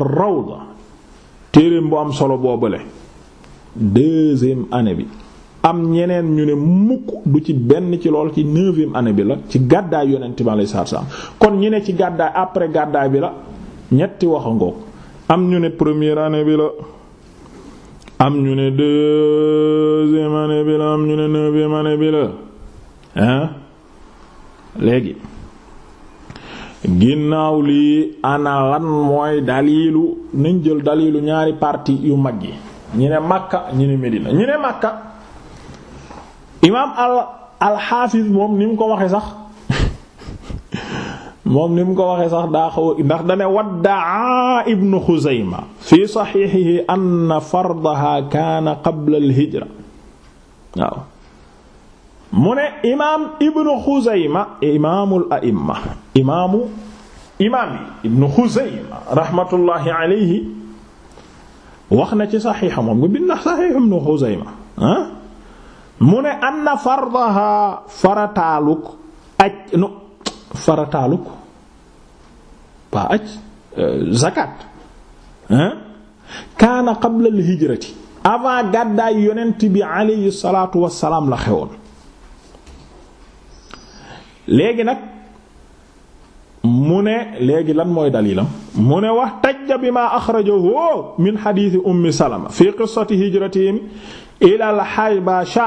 ar-Rawda téereem bu am solo boobale deuxième année bi am ñeneen ñu ne mukk du ci benn ci lool ci neuvième année bi la ci gàddaay yonent bi alayhi salaatu salaam kon ñu ne ci gàddaay après gàddaay bi la ñetti wax ngoog am ñu ne première année bi la am ñu ne deuxième année bi la am ñu ne neuvième année bi la hein léegi ginnaaw lii ana lan mooy daliilu nañ jël daliilu ñaari parti yu mag yi ñi ne Makka ñi ne Medina ñi ne Makka imaam al alxaafis moom ni mu ko waxee sax moom ni mu ko waxee sax daa xaw ndax dane waddaa ibnu Xuzayma fi saxiixihi anna fardaha kaana qabla hijra waaw mu ne imaam ibnu xuzayma imaamul aimma imaamu imaam yi ibnu xuzayma rahmatullahi alayhi wax na ci saxiixa moom nga bind na saxiix ibnu xuzayma ah mu ne anna fardaha farataaluk aj nu farataaluk ba aj euh, zakat ah kaana qabla al hijrati avant gàddaay yonent bi alayhi salaatu wassalaam la xewoon léegi nag mu ne léegi lan mooy dalilam mu ne wax tajja bi ma axrajahu min xadiisi ummi salama fi qissati hijratihim ila al xabasha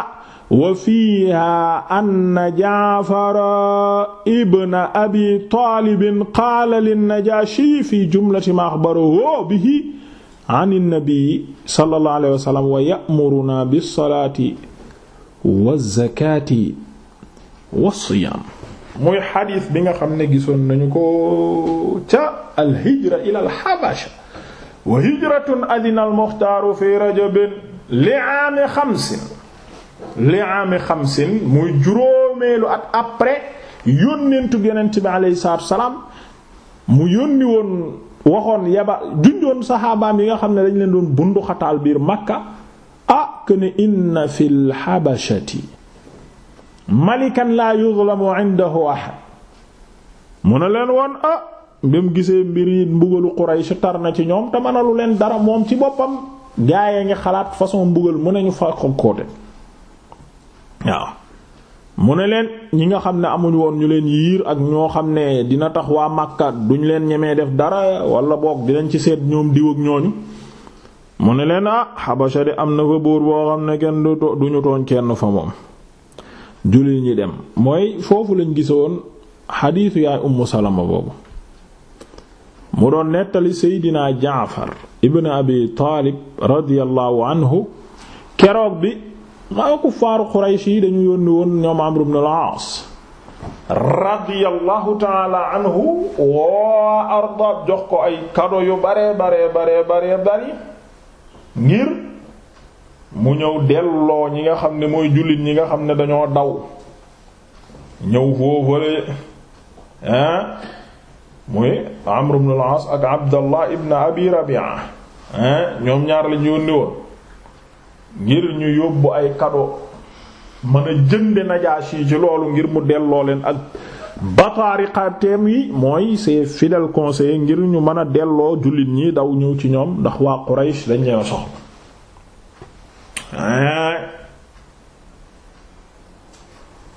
wa fiiha anna jaafara ibn abi taalibin qaala linnajashi fi jumlati ma axbarahu bihi an innabii sallallahu alayhi wa sallam wa ya'muruna bis salaati waz zakaati was siyaam muy xadiis bi nga xam ne gisoon nañu ko ca alhijra ila alxabasha wa hijratun adina almuxtaaru fi rajabin li aami muy juróomeelu at après yónnentu yonent bi aleyhi salaatu salaam mu yónni woon waxoon yaba junjoon saxaabaam yi nga xam ne dañ leen doon bunduxataal xataal biir makka ah que ne inna fil xabashati malikan laa yuzlamu indahu ahad mu ne leen woon ah ba mu gisee mbir yi mbugalu Quraysh tar na ci ñoom te mënalu leen dara moom ci boppam gaayee ngi xalaat façon mbugal mu ne ñu fa xonkoote waaw mu ne leen ñi nga xam ne amuñ woon ñu leen yiir ak ñoo xam ne dina tax waa Makka duñ leen ñemee def dara wala boog dinañ ci seet ñoom diw ak ñooñu mu ne leen ah Habasha am na fa buur boo xam ne kenn duñu tooñ kenn fa moom julli ñi dem mooy foofu lañu gisoon xadiisu yaay ummu salama boobu mu doon nettali seydinaa jaafar ibn abi taalib radiyallahu anhu keroog bi maa kuffaaru xuraysh yi dañu yónni woon ñoom amru ibn aas radiyallahu taala anhu waa arda jox ko ay kado yu bare bare bare bare bari ngir mu ñëw delloo ñi nga xam ne mooy jullit ñi nga xam ne dañoo daw ñëw foofale hein muy Amr ibn al ak Abdallah ibn Abi Rabi'a hein ñoom ñaar lañu yónni woon ngir ñu yóbbu ay kado mën a jënde Najaashi ci loolu ngir mu delloo leen ak bataariqateem yi mooy ses fidèles conseillers ngir ñu mën a delloo jullit ñi daw ñëw ci ñoom ndax waa Quraysh dañ leen soxla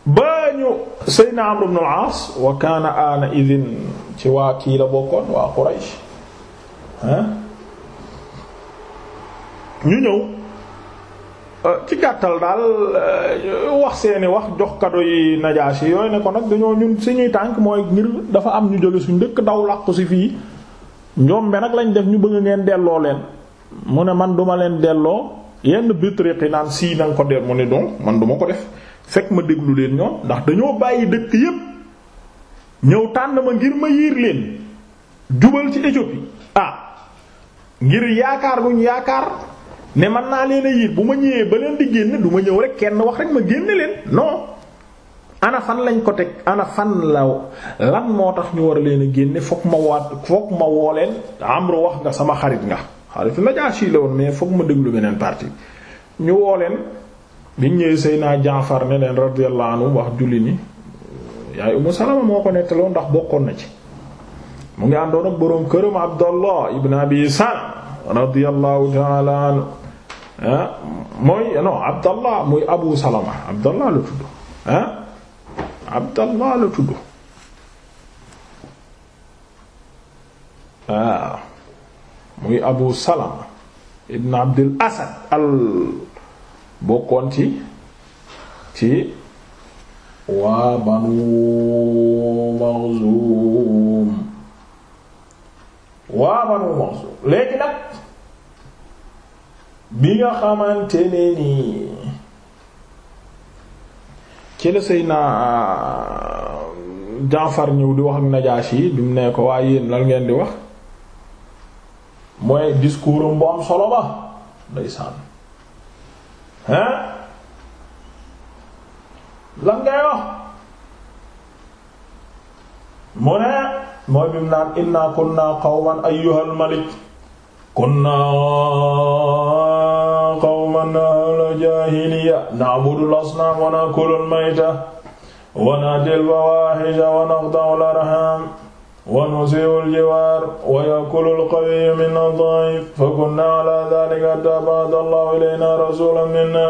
ba ñu Seydina Amr ibn al-Aas kaana aana idin ci waa kii la bokkoon waa Quraysh ñu ñëw euh, ci gàttal daal euh, wax seeni wax jox kado yi Najaasi yooyu ne ko nag dañoo ñun suñuy tànk mooy ngir dafa am ñu jóge suñ dëkk daw làqu si fii njombe nag lañ def ñu bëgg ngeen delloo leen mu ne man duma leen delloo yenn bitriqi naan sii na nga ko der mu ne donc man du ko def fekk ma déglu leen ñoom ndax dañoo bàyyi dëkk yépp ñëw tànn ma ngir ma yiir leen jubal ci Éthiopie ah ngir yaakaar guñ yaakaar ne man naa leen a yiir bu ma ñëwee ba leen di génn du ma ñëw rek kenn wax rek ma génne leen non ana fan lañ ko teg ana fan la lan moo tax ñu war a leen a génne fokk ma waat fokk ma woo leen wax nga sama xarit nga xaalifu Najaashi la woon mais foog ma déglu beneen partie ñu woo leen biñ ñëwee Seydina Jaafar ne leen radiyallahu anhu wax julli ni yaay Umu Salama moo ko nettaloon ndax bokkoon na ci mu ngi àndoon ak boroom këram Abdallah ibn Abi Salam radiyallahu ta'ala ah, mooy non Abdallah muy Abu Salama Abdallah la tudd waaw ah, muy abu salama ibn abdul asad al bokkoon ci ci waa banu maxzum waa banu maxzum léegi nag bi nga xamante ne nii ci la sëy naa Jaafar ñëw di wax ak Najaashi yi bi mu ne ko waaye yéen lan ngeen di wax mooy discours am bu am solo ba ndeysaan hein lan ngay wax mu ne mooy bi mu naan inna kunna qawman ayyuhal malik kunna qawman ahla jahiliya na'budu al-asnam wa na'kulu al-mayta wa na'til fawahisha wa naqta'u al-arham wa nusiu aljiwaar wa yakulu alqawiyu min addaif fa kunna ala dalika hatta ba'atha allahu ilayna rasulan minna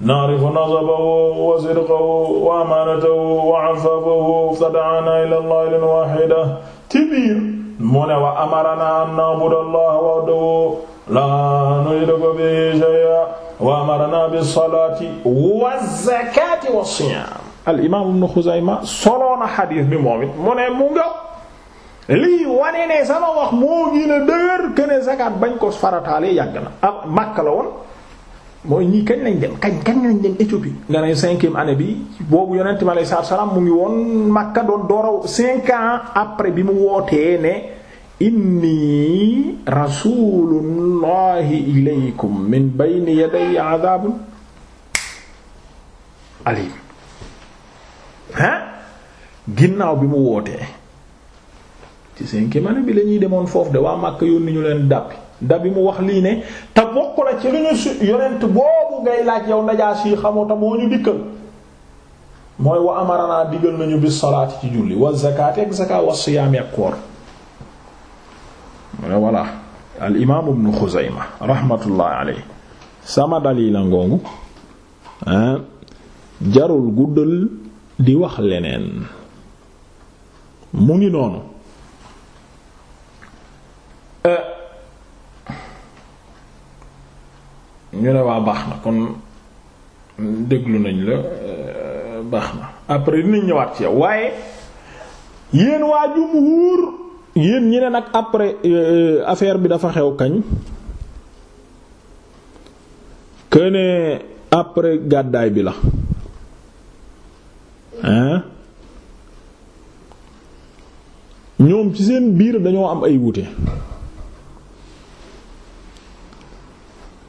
na'rifu nasabahu wa sidqahu wa amaanatahu wa afafahu fa da'ana ila allahi waahida ci biir mu ne wa amarana an na'buda allaha wahdahu laa nushrika bihi shay'an wa amarana bis-salaati waz-zakaati was-siyaam al imaam ibn Xuzayma soloona xadiis bi moom it mu ne mu nga lii wane ne sama wax moo gën a dëgër que ne zakat bañ ko farataale yàgg na ah Makka la woon mooy ñii kañ lañ dem kañ kañ lañ dem Éthiopie. nga ne cinquième année bi boobu yonent mi alayhi salaatu mu ngi woon Makka doon bi mu wootee ne. inni rasulullahi ilaykum min bayni yaday adabun alim ha ginnaaw bi mu wootee ci cinquième année bi la demoon foofu de waa Makka yónni ñu leen dàbbi dabi mu wax lii ne te bokk na ci lu ñu yonent boobu ngay laaj yow najaas yi xamoo moo ñu dikkal mooy wa amaranaa digal nañu bis salaati ci julli wa zakaati ak zakaat wa siyaami ak koor mu ne voilà al imaam ibnu Xuzayma rahmatullahi alayhi sama dalil la ngoongu jarul guddal di wax leneen mu ngi noonu Euh, ñu ne waa baax na kon déglu nañ la euh, baax na après dinañ ñëwaat ci yow waaye yéen waa jumhuur yéen ñi ne nag après euh, affaire bi dafa xew kañ que après gàddaay bi la hein ñoom ci seen biir dañoo am ay wuute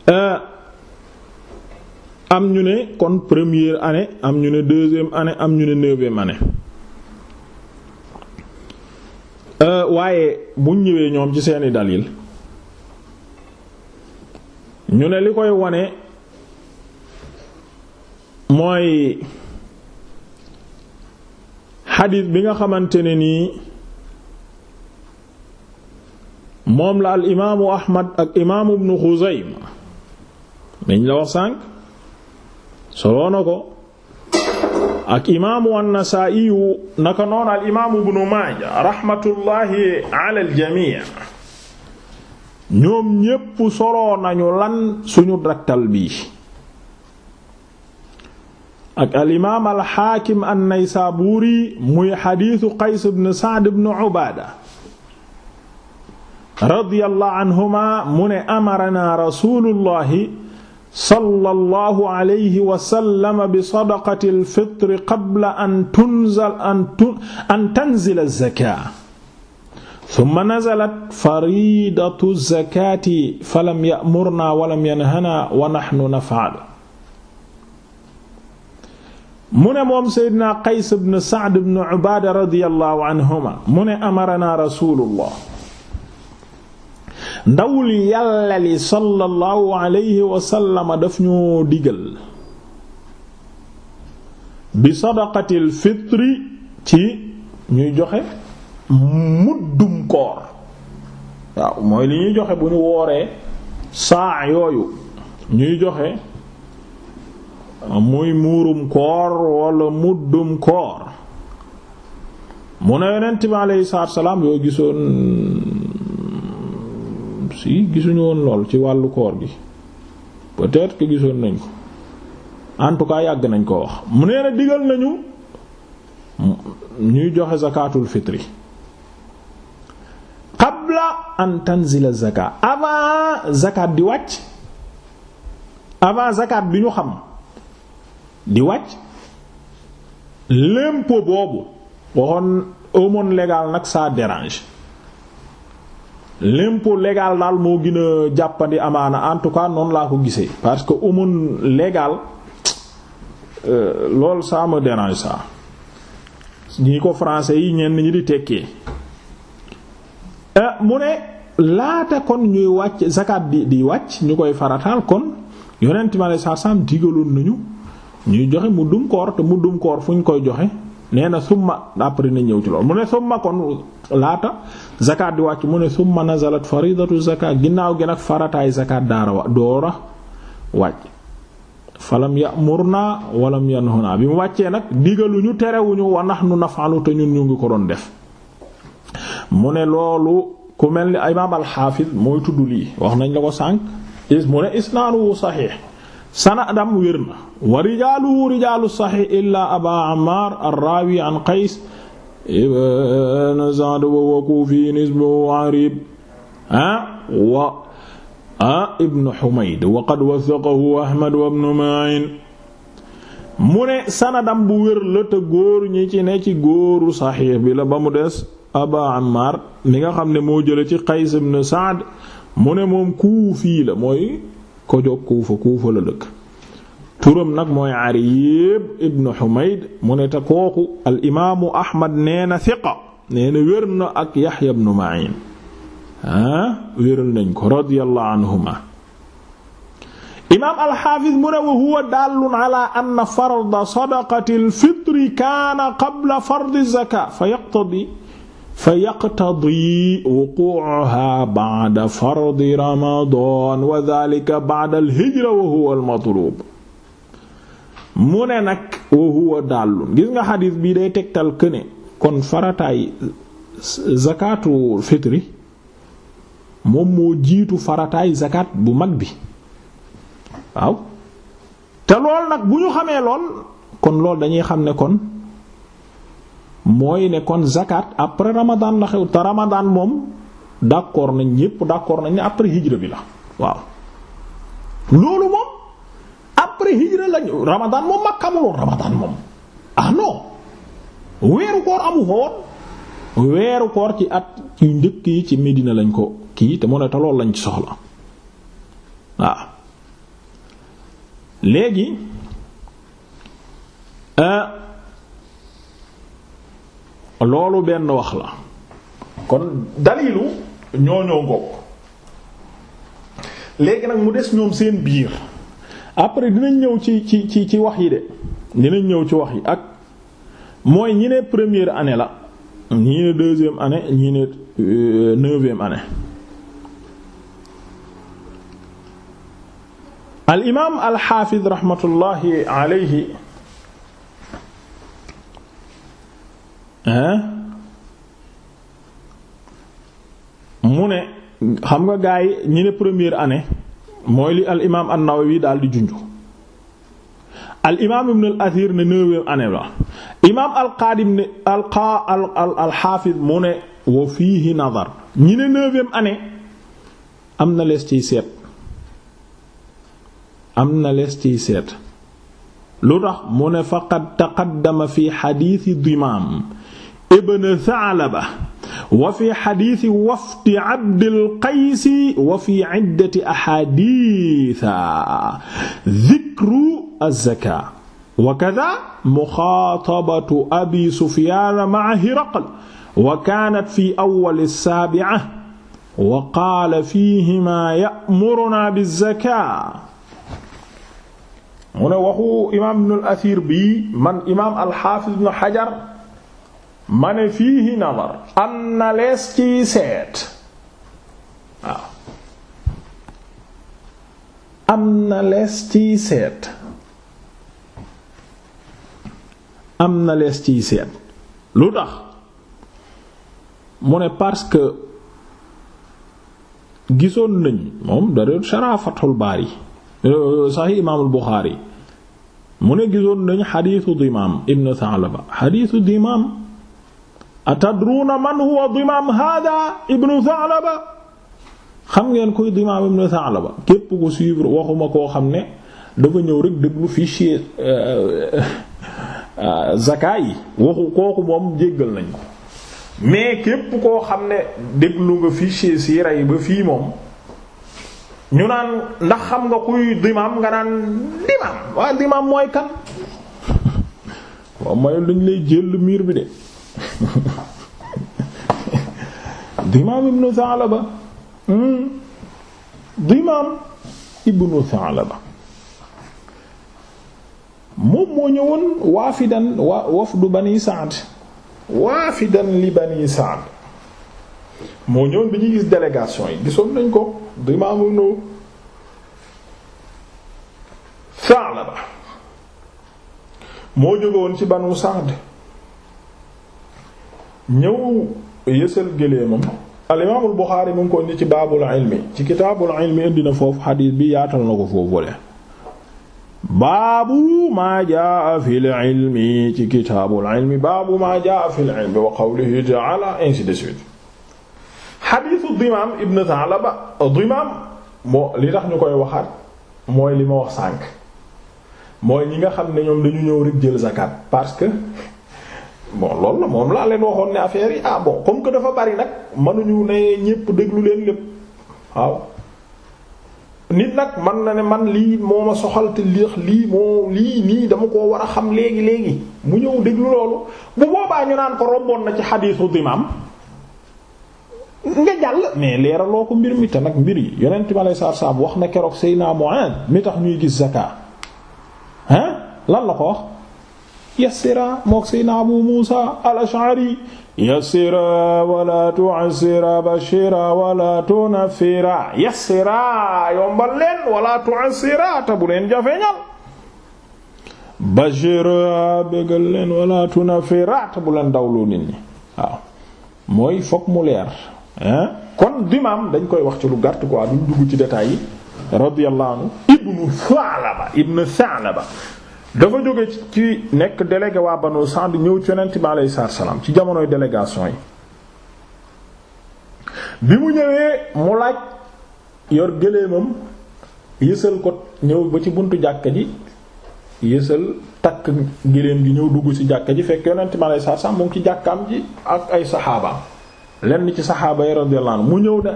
Euh, am ñu ne kon premier année am ñu ne deuxième année am ñu ne neuvième année euh, waaye buñ ñëwee ñoom ci seeni dalil ñu ne li koy wane mooy xadiis bi nga xamante ne nii moom la al imaamu Ahmad ak imaamu Ibnu niñ la wax sànq soloo ak imaamu an-Nasaa'i naka noonu al imaamu ibnu Maaja rahmatullahi ala al-jamii ñoom ñépp soloo lan suñu daktal bi ak al imaam al xaakim an-Naysaabuuri muy xadiisu Qays ibn Sa'd ibn Ubaada radiyallahu anhuma mu amarana rasuulullahi sallallahu alayhi wa sallam bi sadaqati al-fitr qabla an tunzal an tanzila az-zakaa thumma nazalat fariidatu az-zakaati falam ya'murnaa wa lam yanhanaa wa nahnu naf'al mu ne moom Seydina Qays ibn Sa'd ibn Ubaada radiyallahu anhumaa mu ne amaranaa rasuulullah ndawul yàlla li sallallahu alayhi wa sallam daf ñu digal bi sadaqatil fitri ci ñuy joxe muddum koor waaw mooy li ñuy joxe bu ñu wooree saa yooyu ñuy joxe muy muurum koor wala muddum koor mu ne yonent bi alayhi yoo gisoon si gisuñu woon lool ci wàllu koor gi peut-être gisoon nañ ko en tout cas yàgg nañ koo wax mu nee na digal nañu ñuy joxe zakatul fitri qabla an tanzila zakat avant zakat di wàcc avant zakat bi ñu xam di wàcc l'impôt boobu waxoon aumône légale nag saa dérange l'impôt légal daal moo gën a jàppandi amaana en tout cas noonu laa ko gisee parce que umun légal euh, loolu ça me dérange ça ko français yi ñenn ñi di tekkee euh, mu ne laata kon ñuy wàcc zakat di di wàcc ñu koy farataal kon yonent ma lay sarsam digaloon nañu ñuy joxe mu dum te mu dum koor fu ñu koy joxe nee na summa après na ñëw ci lool mu ne summa kon laata zakat di wàcc mu ne summa nazalat faridatu zakat ginnaaw gi nag farataay zakat daara doora wàcc falam ya'murna walam yanhuna bi mu wàccee nag digaluñu terewuñu wa nahnu naf'alu te ñun ñu ngi ko doon def mu ne loolu ku mel ni imaam alxaafis mooy tudd lii wax nañ la ko sànq is mu ne isnaaduhu saxiix sanadam wér na wa rijaaluhu rijaalu saxiix illaa aba ammaar ar-raawi an qays ibn Sa'd wa Kufi nisbu arib ah wa ah ibn Humayd wa qad wathaqahu Ahmad wa ibn Ma'in mu ne sanadam bu wér la te góor ñi ci ne ci góoru saxiix bi la ba mu des Aba Ammar mi nga xam ne moo jële ci Qays ibn Sa'd mu ne moom Kufi la mooy ko jog Kufa Kufa la dëkk turam nag mooy Arib ibn Humayd mu ne te kooku al imaamu Ahmad nee na thiqa nee na wér na ak Yahya ibn Ma'in ah wéral nañ ko radiyallahu anhuma imaam al-Hafiz mu ne wa huwa dallun ala anna farda sadaqati al-fitri kaana qabla fardi zakaat fa yaqtadi fa yaqtadi wuquuha ba'da fardi ramadaan wa dhaalika ba'da al-hijra wa huwa al-matlub mu ne nag wa huwa dàllun gis nga xadiis bii day tegtal këne kon farataay zakatu fitri moom moo jiitu farataay zakat bu mag bi waaw te lool nag bu ñu xamee lool kon lool dañuy xam ne kon mooy ne kon zakat après ramadan la xew te ramadan moom d'accord nañ ñépp d'accord nañ ne après hijra bi la waaw loolu moom après hijra lañu ramadan moom Makka amuloon ramadan moom ah non weeru koor amu fa weeru koor ci at yu njëkk yi ci Medina lañ ko kii te mu ne te loolu lañ ci soxla waaw léegi euh, loolu benn wax la kon dalilu ñoo ñoo ngoog léegi nag mu des ñoom seen biir après dinañ ñëw ci ci ci ci wax yi de dinañ ñëw ci wax yi ak mooy ñi ne première année la ñi ne deuxième année ñi ne euh, neuvième année al imaam al xaafiz raxmatullaahi alayhi mu ne xam nga gaa yi ñi ne première année mooy li al imaam an-Nawawi daal di junj al imaam ibn al Athir ne neuvième année la imaam al Qadim ne al qa al al al Hafiz mu ne wa fiihi nazar ñi ne neuvième année am na lees ciy seet am na lees ciy seet lu tax mu ne faqad taqaddama fi xadiisi Dimaam ibn Tha'laba wa fi xadiisi wafdi Abdil Qaysi wa fi iddati axaadiisa dikru az-zakaa wa kazaa muxaatabatu Abi Sufyaan ma'a Hiraql wa kaanat fi awwali as-saabi'a wa qaala fiihimaa ya'murunaa biz-zakaa mu ne waxu imaam Ibnul Asiir bi man imaam al-Haafiz Ibn Hajar ma ne fiihi nazar am na lees ci seet am na lees ci seet lu tax mu ne parce que gisoon nañ moom da doon sharah euh, Imaamul Bukhari mu ne gisoon nañ xadiisu Dimaam ibn Sa'laba xadiisu Dimaam atadruuna man huwa dimaam hada ibnu Tha'laba xam ngeen koy dimaam ibnu Tha'laba képp ko suivre waxuma koo xam ne dafa ñëw rek déglu fichier euh, euh, zakat yi waxu kooku moom jéggal nañ ko mais képp koo xam ne déglu nga fichier siira yi ba fii moom ñu naan ndax xam nga kuy dimaam nga naan dimaam waaye dimaam mooy kan waaw mooy luñ lay jël miir bi de dimaam ibnu Saalaba hmm. dimaam ibnu Saalaba moom moo ñëwoon waafidan wa wafdu bani Saad waafidan li bani Saad moo ñëwoon bi ñuy gis délégation yi gisoon nañ ko dimaam ibnu Saalaba moo jógoon ci banu Saad ñëw yësal géléemam al imaamul Buxaari mu ngi ko indi ci baabul ilmi ci kitaabul ilmi indi na foofu xadiis bi yaatal na ko foofu wole baabu maa jaa fil ilmi ci baabu maa jaa fil ilmi wa qawlihi li tax ñu koy waxaat mooy li ma wax sànk mooy ñi nga xam ne ñoom dañu ñëw rek jël que bon loolu la moom laa leen waxoon ne affaire yi ah bon comme que dafa bari nag mënuñu ne ñépp déglu leen lépp waaw nit nag man na ne man lii moo ma soxal te lii moo lii nii dama koo war a xam léegi léegi mu ñëw déglu loolu bu boobaa ñu naan ko romboon na ci xadiisu dimaam nga jàll mais leeraloo ko mbir mi te nag mbir yi yonent ma lay saar saab wax na keroog Seydina Mu'aad mi tax ñuy gis zakat ah lan la ko wax. yassira mook sayna abu musa al-ash'ari yassira wala tu'assira bashira wala tunafira yassira yombal leen wala tu'assira ta bu leen jafeñal bashira bégal leen wala tunafira ta bu leen dawloo nit ñi mooy fokk mu kon dimaam dañ koy wax ci lu gàtt quoi duñ dugg ci détails yi radiyallahu anhu ibnu Sa'laba ibnu Sa'laba dafa jóge ci nekk délégué waa Banu Sa'd ñëw ci yonent bi alayhi salaam ci jamonoy délégation yi bi mu ñëwee mu laaj yor gëléemam yësal ko ñëw ba ci buntu jàkka ji yësal takk gëléem gi ñëw dugg ci jàkka ji fekk yonent bi alayhi salaam mu ngi ci jàkkaam ji ak ay saxaabaam lenn ci saxaaba yi radiyallahu mu ñëw ne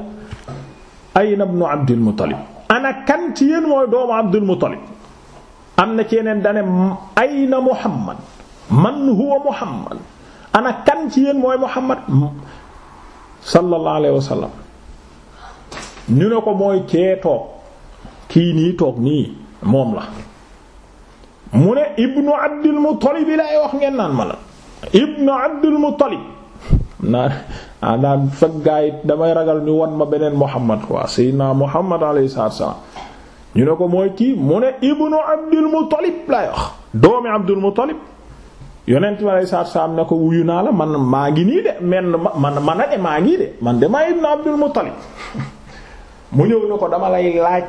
ayna ibnu Abdul Muttalib ana kan ci yéen mooy doomu Abdul Muttalib am na ci yeneen dane ayna muhammad man huwa muhammad ana kan ci yéen mooy muhammad sallallahu alayhi wa sallam ñu ne ko mooy cee toog kii nii toog nii moom la mu ne ibnu abdul muttalib lay wax ngeen naan ma la ibnu abdul muttalib naa ah, naa fag gaay damay ragal ñu wan ma beneen muhammad quoi sayyidina muhammad alayhi salaam ñu ne ko mooy kii mu ne ibnu abdul muttalib lay wax doomi abdul muttalib yonent ma lay saat saam na ko wuyu naa la man maa ngi nii de man man man a de maa ngi de man de maa ibnu abdul muttalib mu ñëw ne ko dama lay laaj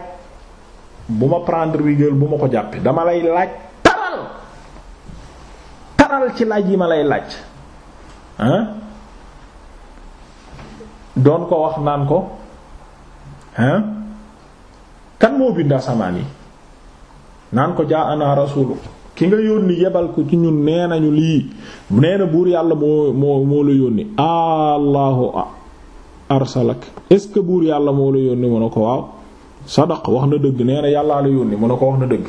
bu ma prendre rigueur bu ma ko jàppee dama lay laaj taral taral ci laaj yi ma lay laaj ah doon ko wax naan ko ah kan moo bind asamaan yi naan ko jaa ana rasulu ki nga yónni yebal ko ci ñun nee nañu lii nee buur yàlla moo moo moo la yónni allahu arsalak est ce que buur yàlla moo la yónni mu ne ko waaw sadaq wax na dëgg nee na yàllaa la yónni mu ne ko wax na dëgg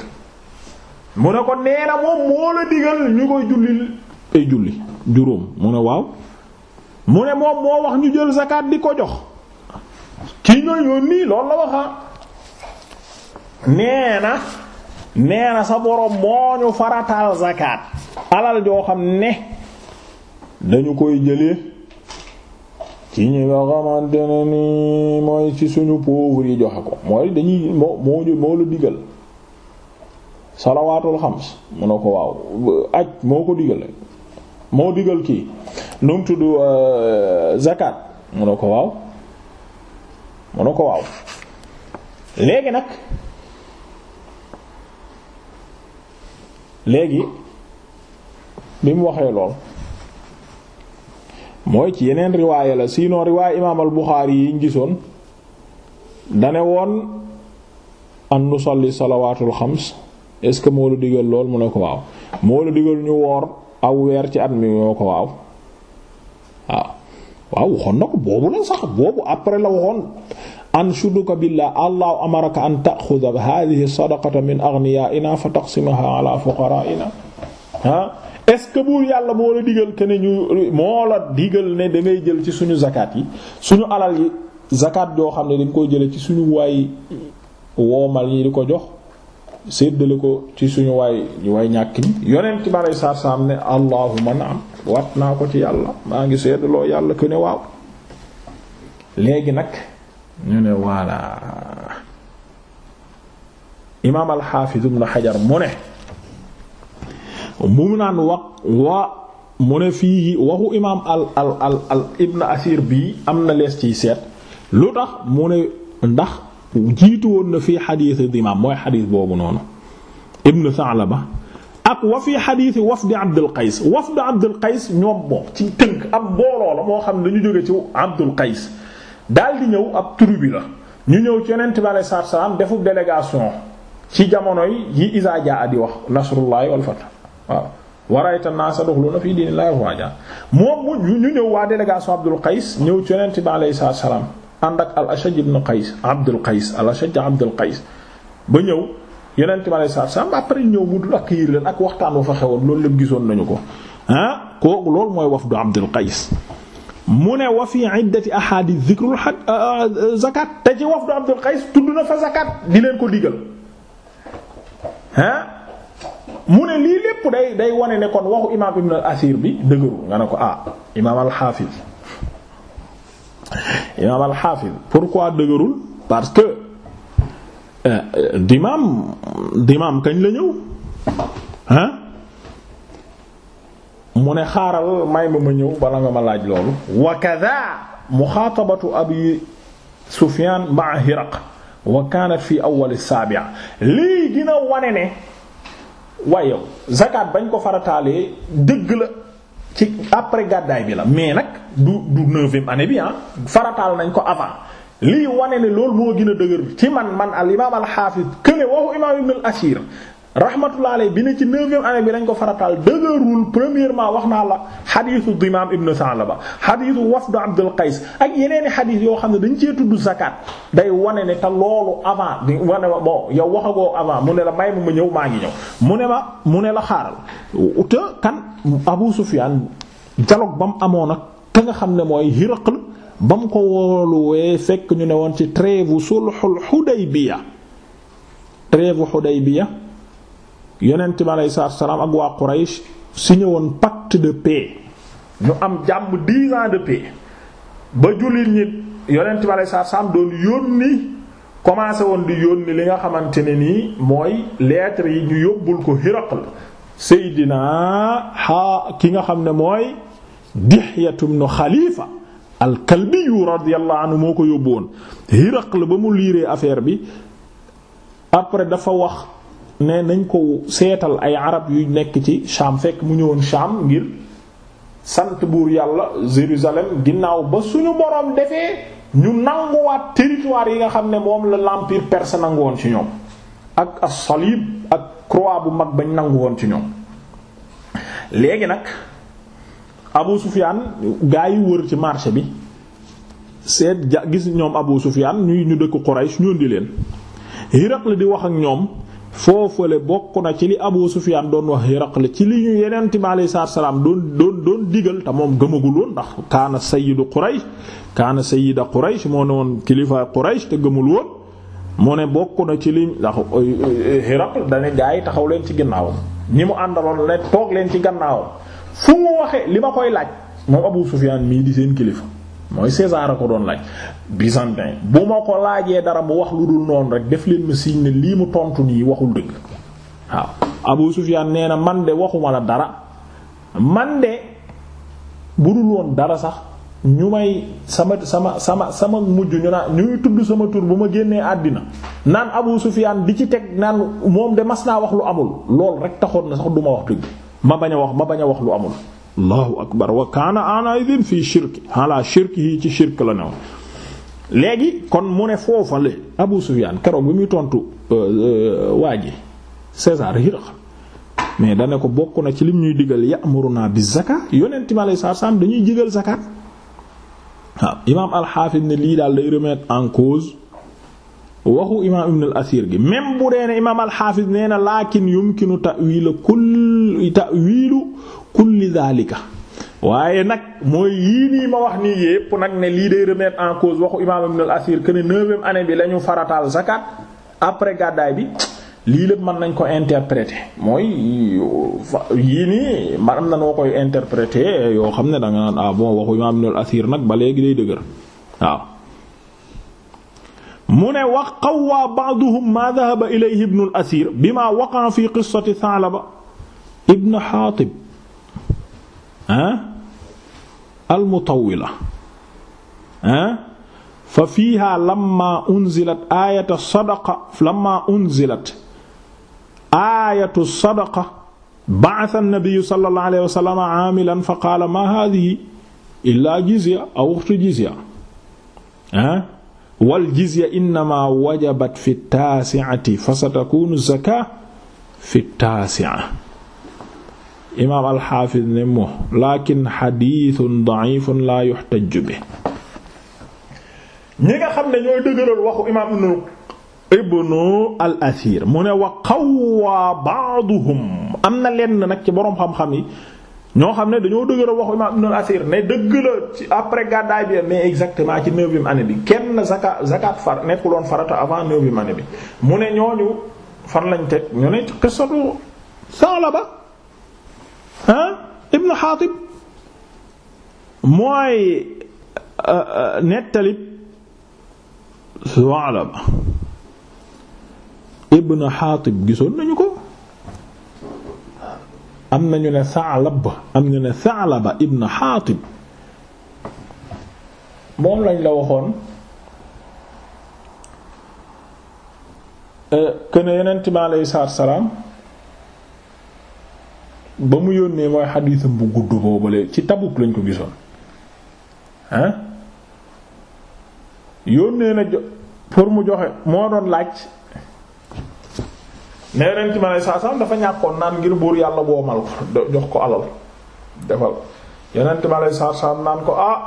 mu ne ko nee na moom moo la digal ñu koy jullil ay julli juróom mu ne waaw mu ne moom moo wax ñu jël zakat di ko jox kii nga yónni loolu la waxa ah. nee na nee na sa borom moo ñu farataal zakat alal joo xam ne dañu koy jëlee ci ñi nga xamante ne ni mooy ci suñu pauvre yi joxe ko mooy dañuy moo moo moo la digal salawaatul xams mu ne ko waaw aj moo ko digal moo digal kii nu tudd euh, zakat mu ne ko waaw mu ne ko waaw léegi nag léegi bi mu waxee lool mooy ci yeneen riwaaya la sinon riwaaya imaam al yi ñu gisoon dane woon an nusalli salawaatul xams est-ce que moo la digal lool mu ne ko waaw moo la digal ñu woor aw weer ci at mi moo ko waaw waaw waaw waxoon na ko boobu la sax boobu après la waxoon anshuduka billah allahu amaraka an taaxuda hadihi sadaqata min aghniyaina fa taqsimaha ala fuqaraina ah est-ce que buur yàlla moo la digal ke ñu moo la digal ne da jël ci suñu zakat yi suñu alal yi zakat joo xam ne dañ koy jële ci suñu waay woomal yi di ko jox séddale ko ci suñu waay waay ñàkk ñi yonent ci balay sar saam ne allahuma na am wat naa ko ci yàlla maa ngi seddaloo yàlla ke ne waaw léegi nag ñu ne voilà imaam alxaafiz ibn xajar mu ne mu naan wax wa mu ne fii waxu imaam al al al ibn asir bii am na lees ciy seet lu tax mu ne ndax jiitu woon na fii xadiisi dimaam mooy xadiis boobu noonu ibn Sa'laba ak wa fi xadiisi wafdi Abdul Qays wafdi Abdul Qays ñoom moom ci tënk ab mbooloo la moo xam ne dañu jóge ci Abdul Qays daal di ñëw ab tribu la ñu ñëw ci yonent bi alayhi salaatu salaam defu délégation ci jamono yi izaa jaa di wax nasrullahi wal fath waaw naa naasa dukhuluna fii diinillahi afwaaja moom mu ñu ñëw waa délégation Abdul kayis ñëw ci yonent bi alayhi salaatu salaam ànd ak al Ashaj ibn Qais Abdul Qais al Ashaj Abdul Qais ba ñëw yonent bi alayhi salaatu salaam après ñëw mu dul accueillir leen ak waxtaan wu fa xewoon loolu lépp gisoon nañu ko ah kooku loolu mooy wafdu Abdul Qais mu ne wa fi iddati ahadith dhikrul zakat te ci wafdu Abdul Qays tudd na fa zakat di leen ko digal ah mu ne lii lépp day day wane ne kon imaam ibn asir bi dëgëru nga ne ko ah imaam al pourquoi dëgërul parce que euh, euh, dimaam dimaam kañ la ñëw ah mu ne xaaral may ma ma ñëw bala nga ma laaj loolu wa kada muxaatabatu abi sufyan ma'a hiraq wa kanat fi awal as lii gën wane ne waaye yow bañ ko farataalee dëgg la ci après gàddaay bi la mais nag du du neuvième année bi ah farataal nañ ko avant lii wane ne loolu moo gën a dëgër ci man man al imam al hafiz kële waxu imam ibn al rahmatullah alayhi bi ne ci neuvième année bi lañ ko farataal dëgërul premièrement wax naa la xadiisu dimaam ibn Sa'laba xadiisu wafdu Abdul Qays ak yeneen i xadiis yoo xam ne dañ cee tudd zakat day wane ne te loolu avant di wane ma bon yow waxagoo avant mu ne la may ma ma ñëw maa ngi ñëw mu ne ma mu ne la xaaral te kan Abu Sufyaan dialogue ba mu amoon ak ka nga xam ne mooy Hiraql ba mu ko wooluwee fekk ñu ne woon ci trêve sulhul Hudaybiya trêve Hudaybiya yonent bi aleyhi salaatu wa salaam ak waa Quraysh signé woon pacte de paix ñu am jàmm dix ans de paix ba jullit ñi yonent bi aleyhi salaatu salaam doon yónni commencé woon di yónni li nga xamante ne nii mooy lettres yi ñu yóbbul ko Hiraql Seydina ha ki nga xam ne mooy Dihyatu ibn Xalifa al-Kalbiyu radiyallahu moo ko yóbbu woon Hiraql ba mu liiree affaire bi après dafa wax. ne nañ ko seetal ay arab yu nekk ci Sham fekk mu ñëwoon Sham ngir sant buur yàlla Jérusalem ginnaaw ba suñu boroom defee ñu nanguwaat territoire yi nga xam ne moom la lampiir perse nangu woon ci ñoom ak as-salib ak croix bu mag bañ nangu woon ci ñoom léegi nag Abu Sufyaan gaa yi wër ci marché bi seet ja gis ñoom Abu Sufyaan ñuy ñu dëkk Quraysh ñoon di leen Hiraql di wax ak ñoom foofale bokk na ci li Abu Sufyaan doon wax Hiraql ci li ñu yeneen bi alayhi salaatu salaam doon doon doon digal te moom gëmagul woon ndax kaana sayyidu Quraysh kaana sayyida Quraysh moo ne woon kilifa Quraysh te gëmul woon mu ne bokk na ci li ndax euh, euh, Hiraql dane gaa taxaw leen ci gannaawam ñi mu àndaloon ne toog leen ci gannaawam fu mu waxe li ma koy laaj moom Abu Sufyaan mii di seen kilifa mooy César a ko doon laaj byzantin bu ma ko laajee dara mu wax lu dul noonu rek def leen ma signe ne lii mu tontu nii waxul dëgg waaw Abu Sufyan nee na man de waxuma la dara man de bu dul woon dara sax ñu may sama sama sama sama mujj ñu naan ñuy tudd sama tuur bu ma génnee àddina naan Abu Sufyan di ci teg naan moom de mas naa wax lu amul lool rek taxoon na sax du ma wax dëgg ma bañ a wax ma bañ a wax lu amul. allahu akbar wa kaana ana idin fii shirki ala yi ci shirk la newoon léegi kon mu ne foofa la Abu Sufyan keroog bi muy tontu euh, euh, waa ji César Hiraql mais dane ko bokk na ci lim ñuy digal ya'muruna bi zakat yonent mi alayhi salaam dañuy jigal zakat waaw imaam al-Hafiz lii daal day remettre en cause waxu imaam ibn al gi même bu dee ne imaam al-Hafiz nee na lakin yumkinu ta'wilu kull ta'wilu kulli dhalika waaye nag mooy yii nii ma wax nii yépp lii day remettre en cause waxu imaam ibn al-Asir ne neuvième année bi la ñu farataal zakat après gàddaay bi lii lépp man nañ ko interpréter mooy yii nii man na noo koy interpréter yoo xam ne da naan ah waxu imaam ibn al nag ba léegi day dëgër waaw. mu ne wax qawwa ba'duhum ma dhahaba ilayhi ibn al bima waqa fi qissati Tha'laba ibn Hatib ah al mutawwila ah fa fiiha lamma unzilat aayatu sadaqa lamma unzilat aayatu sadaqa ba'atha an-nabiyyu sallallahu alayhi wa sallam aamilan fa qaala ma haadhihi illaa jizya aw ukhtu jizya ah wal jizya innama wajabat fi at-taasi'ati fa satakunu az-zakaatu fi at-taasi'a imaam alxaafis ne mu lakin xadiisun da'ifun la yuhtajju bi ñi nga xam ne ñooy dëgëral waxu imaam ibnu ibnu al asiir mu ne wa qawwa ba'duhum am na lenn nag ci boroom xam-xam yi ñoo xam ne dañoo dëgëral waxu imaam ibnu al ne dëgg la ci après gàddaay bi mais exactement ci neuvième année bi kenn zakat zakat far nekkuloon farata avant neuvième année bi mu ne ñooñu fan lañ teg ñu ne qissatu Salaba ah ibnu Xaatib mooy euh, euh, nettalib Su'laba ibnu Xaatib gisoon nañu ko am nañu ne Sa'lab am ñu ne Sa'laba ibnu Xaatib moom lañ la waxoon euh, que yeneen Yonent bi alayhi salaam ba mu yónnee mooy xadiisam bu gudd boobale ci Tabuk lañ ko gisoon ah yónnee na jo pour mu joxe moo doon laaj ne ren ci ma saa dafa ñàkkoon naan ngir buur yàlla woomal ko jox ko alal defal yonent ma lay saar saam naan ko ah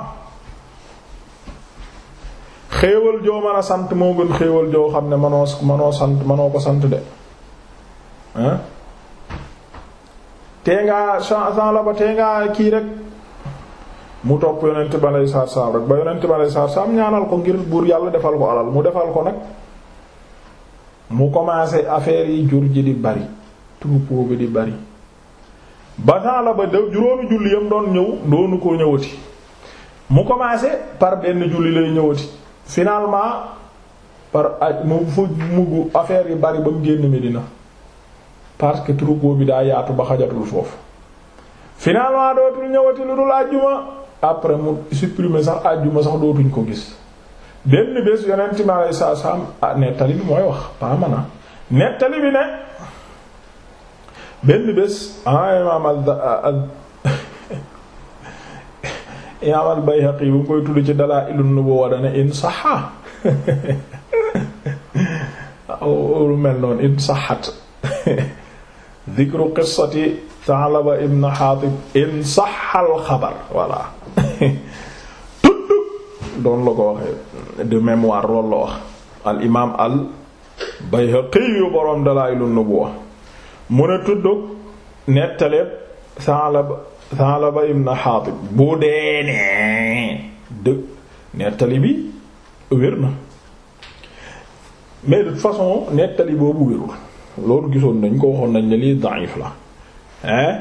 xéewal joo mën a sant moo gën xéewal joo xam ne manoo manoo sant manoo ko sant de ah tee ngaa san la ba tee ngaa kii rek mu topp yonent ba lay saam rek ba yonent ba lay saar saam ñaanal ko ngir buur yàlla defal ko alal mu defal ko nag mu commencé affaire yi jur ji di bari troupeau bi di bari ba san ba de juróomi julli yam doon ñëw doonu ko ñëwati mu commencé par benn julli lay ñëwati finalement par aj mu fu mugg affaire yi bari ba mu génn Medina parce que troupeau bi daa yaatu ba xajatul foofu finalement dootul ñëwati lu dul àjjuma après mu supprimer sax àjjuma sax dootuñ ko gis benn bés yonent ma saa saam nettali bi mooy wax paamana ah. nettali bi ne benn bés ah imaam al imaam al Bayhaqi bu koy tudd ci Dalaa'ilun Nubuwwa dana in saxa lu mel noonu in saxat dikru qissati Taalaba ibn Haatib in saxal xabar voilà tudd doon la ko waxee de mémoire loolu la wax al imaam al Bayhaqi boroom Dalaa'ilun Nubuwwa mu ne tudd nettaleeb Taalaba Taalaba ibn Haatib bu dee nee dë nettali bi wér na mais façon nettali boobu wérul loolu gisoon nañ ko waxoon nañ ne lii da'if la hein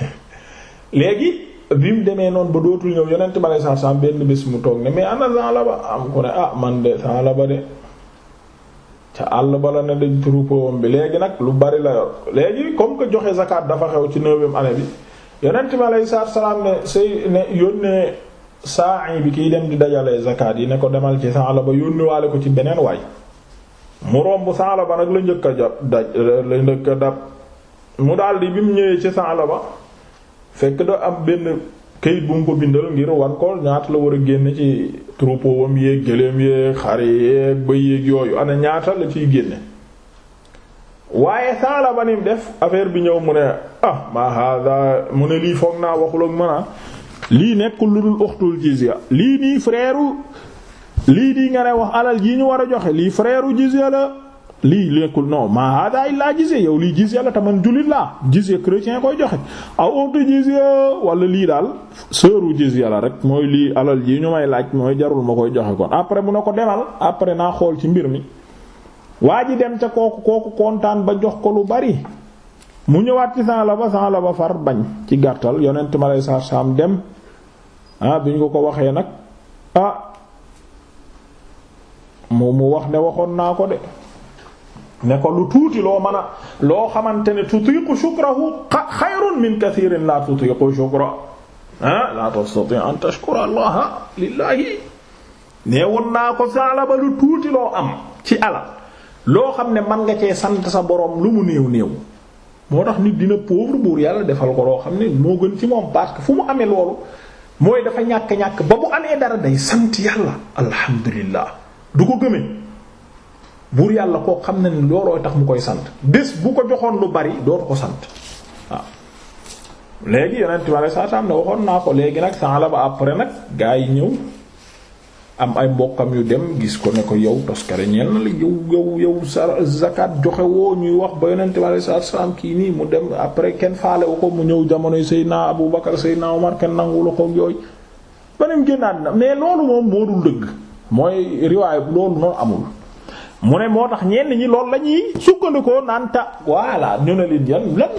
léegi bi mu demee noonu ba dootul ñëw yonent ma lay saa saa benn bés mu toog ne mais ana Zalaba am ko ne ah, man de Zalaba de àll ba la ne dañ bi léegi nag lu bari la léegi comme que joxe zakat dafa ci neuvième année bi yonent bi aleyhi salaatu salaam ne say ne yónnee saa bi kiy dem di dajale zakat yi ne ko demal ci Zalaba yónniwaale ko ci beneen waay. mu romb Saalaba nag la njëkk a jàpp daj la njëkk a dab mu daldi bi mu ñëwee ci Saalaba fekk da am benn kayit bu mu ko bindal ngir wan ko la war a génne ci troupeau wam yeeg gëléem yeeg xar yeeg bëy yooyu ana ñaata la ciy génne waaye Saalaba ni mu def affaire bi ñëw mu ne ah ma hada mu ne lii foog naa waxul ak mën a ah, lii nekkul lu dul uxtul jizya lii nii frère lii di nga ne wax alal yi ñu war a joxe lii frère u jizya la lii lekkul non ma hada illa jizya yow lii jizya la te man jullit laa jizya chrétien koy joxe aw uxtu jizya wala lii daal sœur u la rek mooy lii alal yi ñu may laaj mooy jarul ma koy joxe kon après bu na ko demal après naa xool ci mbir mi waa ji dem ca kooku kooku kontaan ba jox ko lu bari mu ñëwaat ci san ba san ba far bañ ci gàttal yonent ma lay saar saam dem ah bi ñu ko ko waxee nag ah, mu mu wax ne waxoon naa ko de ne ko lu tuuti loo mën a loo xamante ne tutiqu shukrahu xayrun min kathirin la tutiqu shukra ah la tastati an tashkura allaha lillahi ne woon naa ko saala ba lu tuuti loo am ci alal loo xam ne man nga cee sant sa borom lu mu néew néew moo tax nit dina pauvre buur yàlla defal ko loo xam ne moo gën ci moom parce que fu mu amee loolu mooy dafa ñàkk-ñàkk ba bu amee dara day sant yàlla alhamdulillah du ko gëmee buur yàlla koo xam na ni looloo tax mu koy sant bés bu ko joxoon lu bari dootu ko sant waaw léegi yonent bi saa saa ne waxoon naa ko léegi nag saa la ba après nag gaa yi ñëw am ay mbokkam yu dem gis ko ne ko yow toskare ñeel na la yow yow yow sa zakat joxe woo ñuy wax ba yonent bi saa saa am kii nii mu dem après kenn faalewu ko mu ñëw jamonoy Seydina Abubakar Seydina Omar kenn nanguwul ko ak yooyu. beneen génnaat na mais loolu moo dul dëgg. mooy riwaay bu loolu noonu amul mu ne moo tax ñenn ñi loolu lañuy ñuy sukkandikoo naan ta voilà ñu ne leen yan lan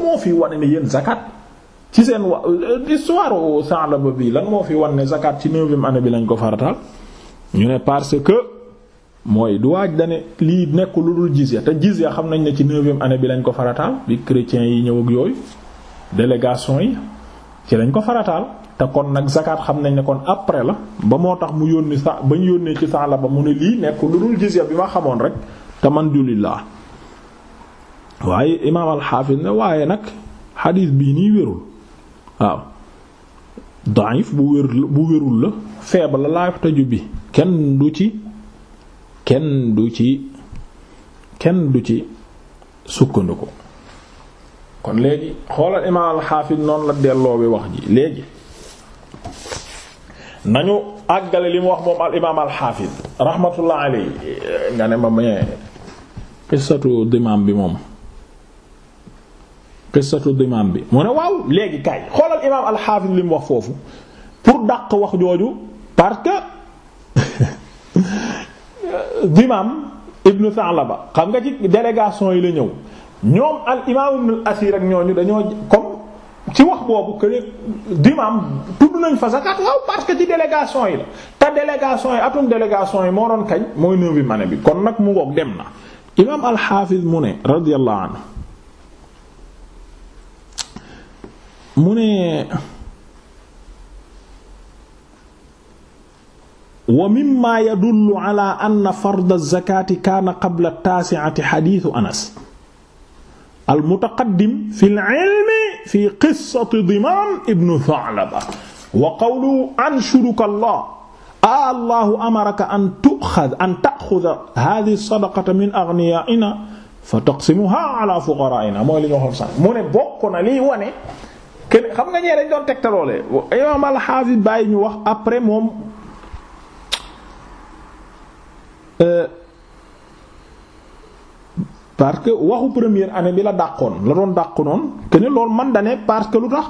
yéen zakat ci seen wa euh, histoire Sa'laba bi lan moo fi wane ne zakat ci neuvième année bi lañ ko farataal ñu ne parce que mooy du waaj dane lii nekk lu dul jizya te jizya xam nañ ne ci neuvième année bi lañ ko farataal bi chrétiens yi ñëw ak yooyu délégation yi ci lañ ko farataal. kon nag zakat xam nañ ne kon après la ba moo tax mu yónni sa ba ñu yónnee ci saala ba mu ne lii nekk lu dul jizya bi ma xamoon rek te man jullit laa waaye imaam alxaafis ne waaye nag xadiis bii nii wérul waaw daif bu wér bu wérul la faible la laa tëju bi kenn du ci kenn du ci kenn du ci sukkandiku kon léegi xoolal imaam alxaafis noonu la delloo bi wax ji léegi nañu àggale li mu wax moom al imaam al xaafid nga ne ma mais qissatu dimaam bi moom qissatu dimaam bi mu ne waaw léegi kaay xoolal imaam al li mu wax foofu pour dàq wax jooju parce que dimaam ibnu Thalaba xam nga ci délégation yi la ñëw ñoom al ibnu al asiir ñooñu dañoo comme ci wax boobu que dimaam tudd fa zakat waaw parce que ci délégation yi la te délégation yi atum délégation yi moo doon kañ mooy neuvième année bi kon nag mu ngoog dem na imaam alxaafiz mu ne radiyallahu anhu mu ne wa mimma yadullu ala anna fard az-zakati kaana qabla at-tasi'ati hadithu anas al-mutaqaddim fi al-ilm fi qissati dimaam ibnu Tha'laba wa qawlu anshuduka allah a allahu amaraka an tuxad an taxuda hadihi sadaqata min aghniyaina fa taqsimuha ala fuqaraina mooy li ñu waxoon sànq mu ne bokk na liy wane kenn xam nga ñee dañ doon tegtaloolee imaam alxaafis bàyyi ñu wax après moom euh, parce que waxu première année bi la dàqoon la doon dàqu noonu que ne loolu man dane parce que lu tax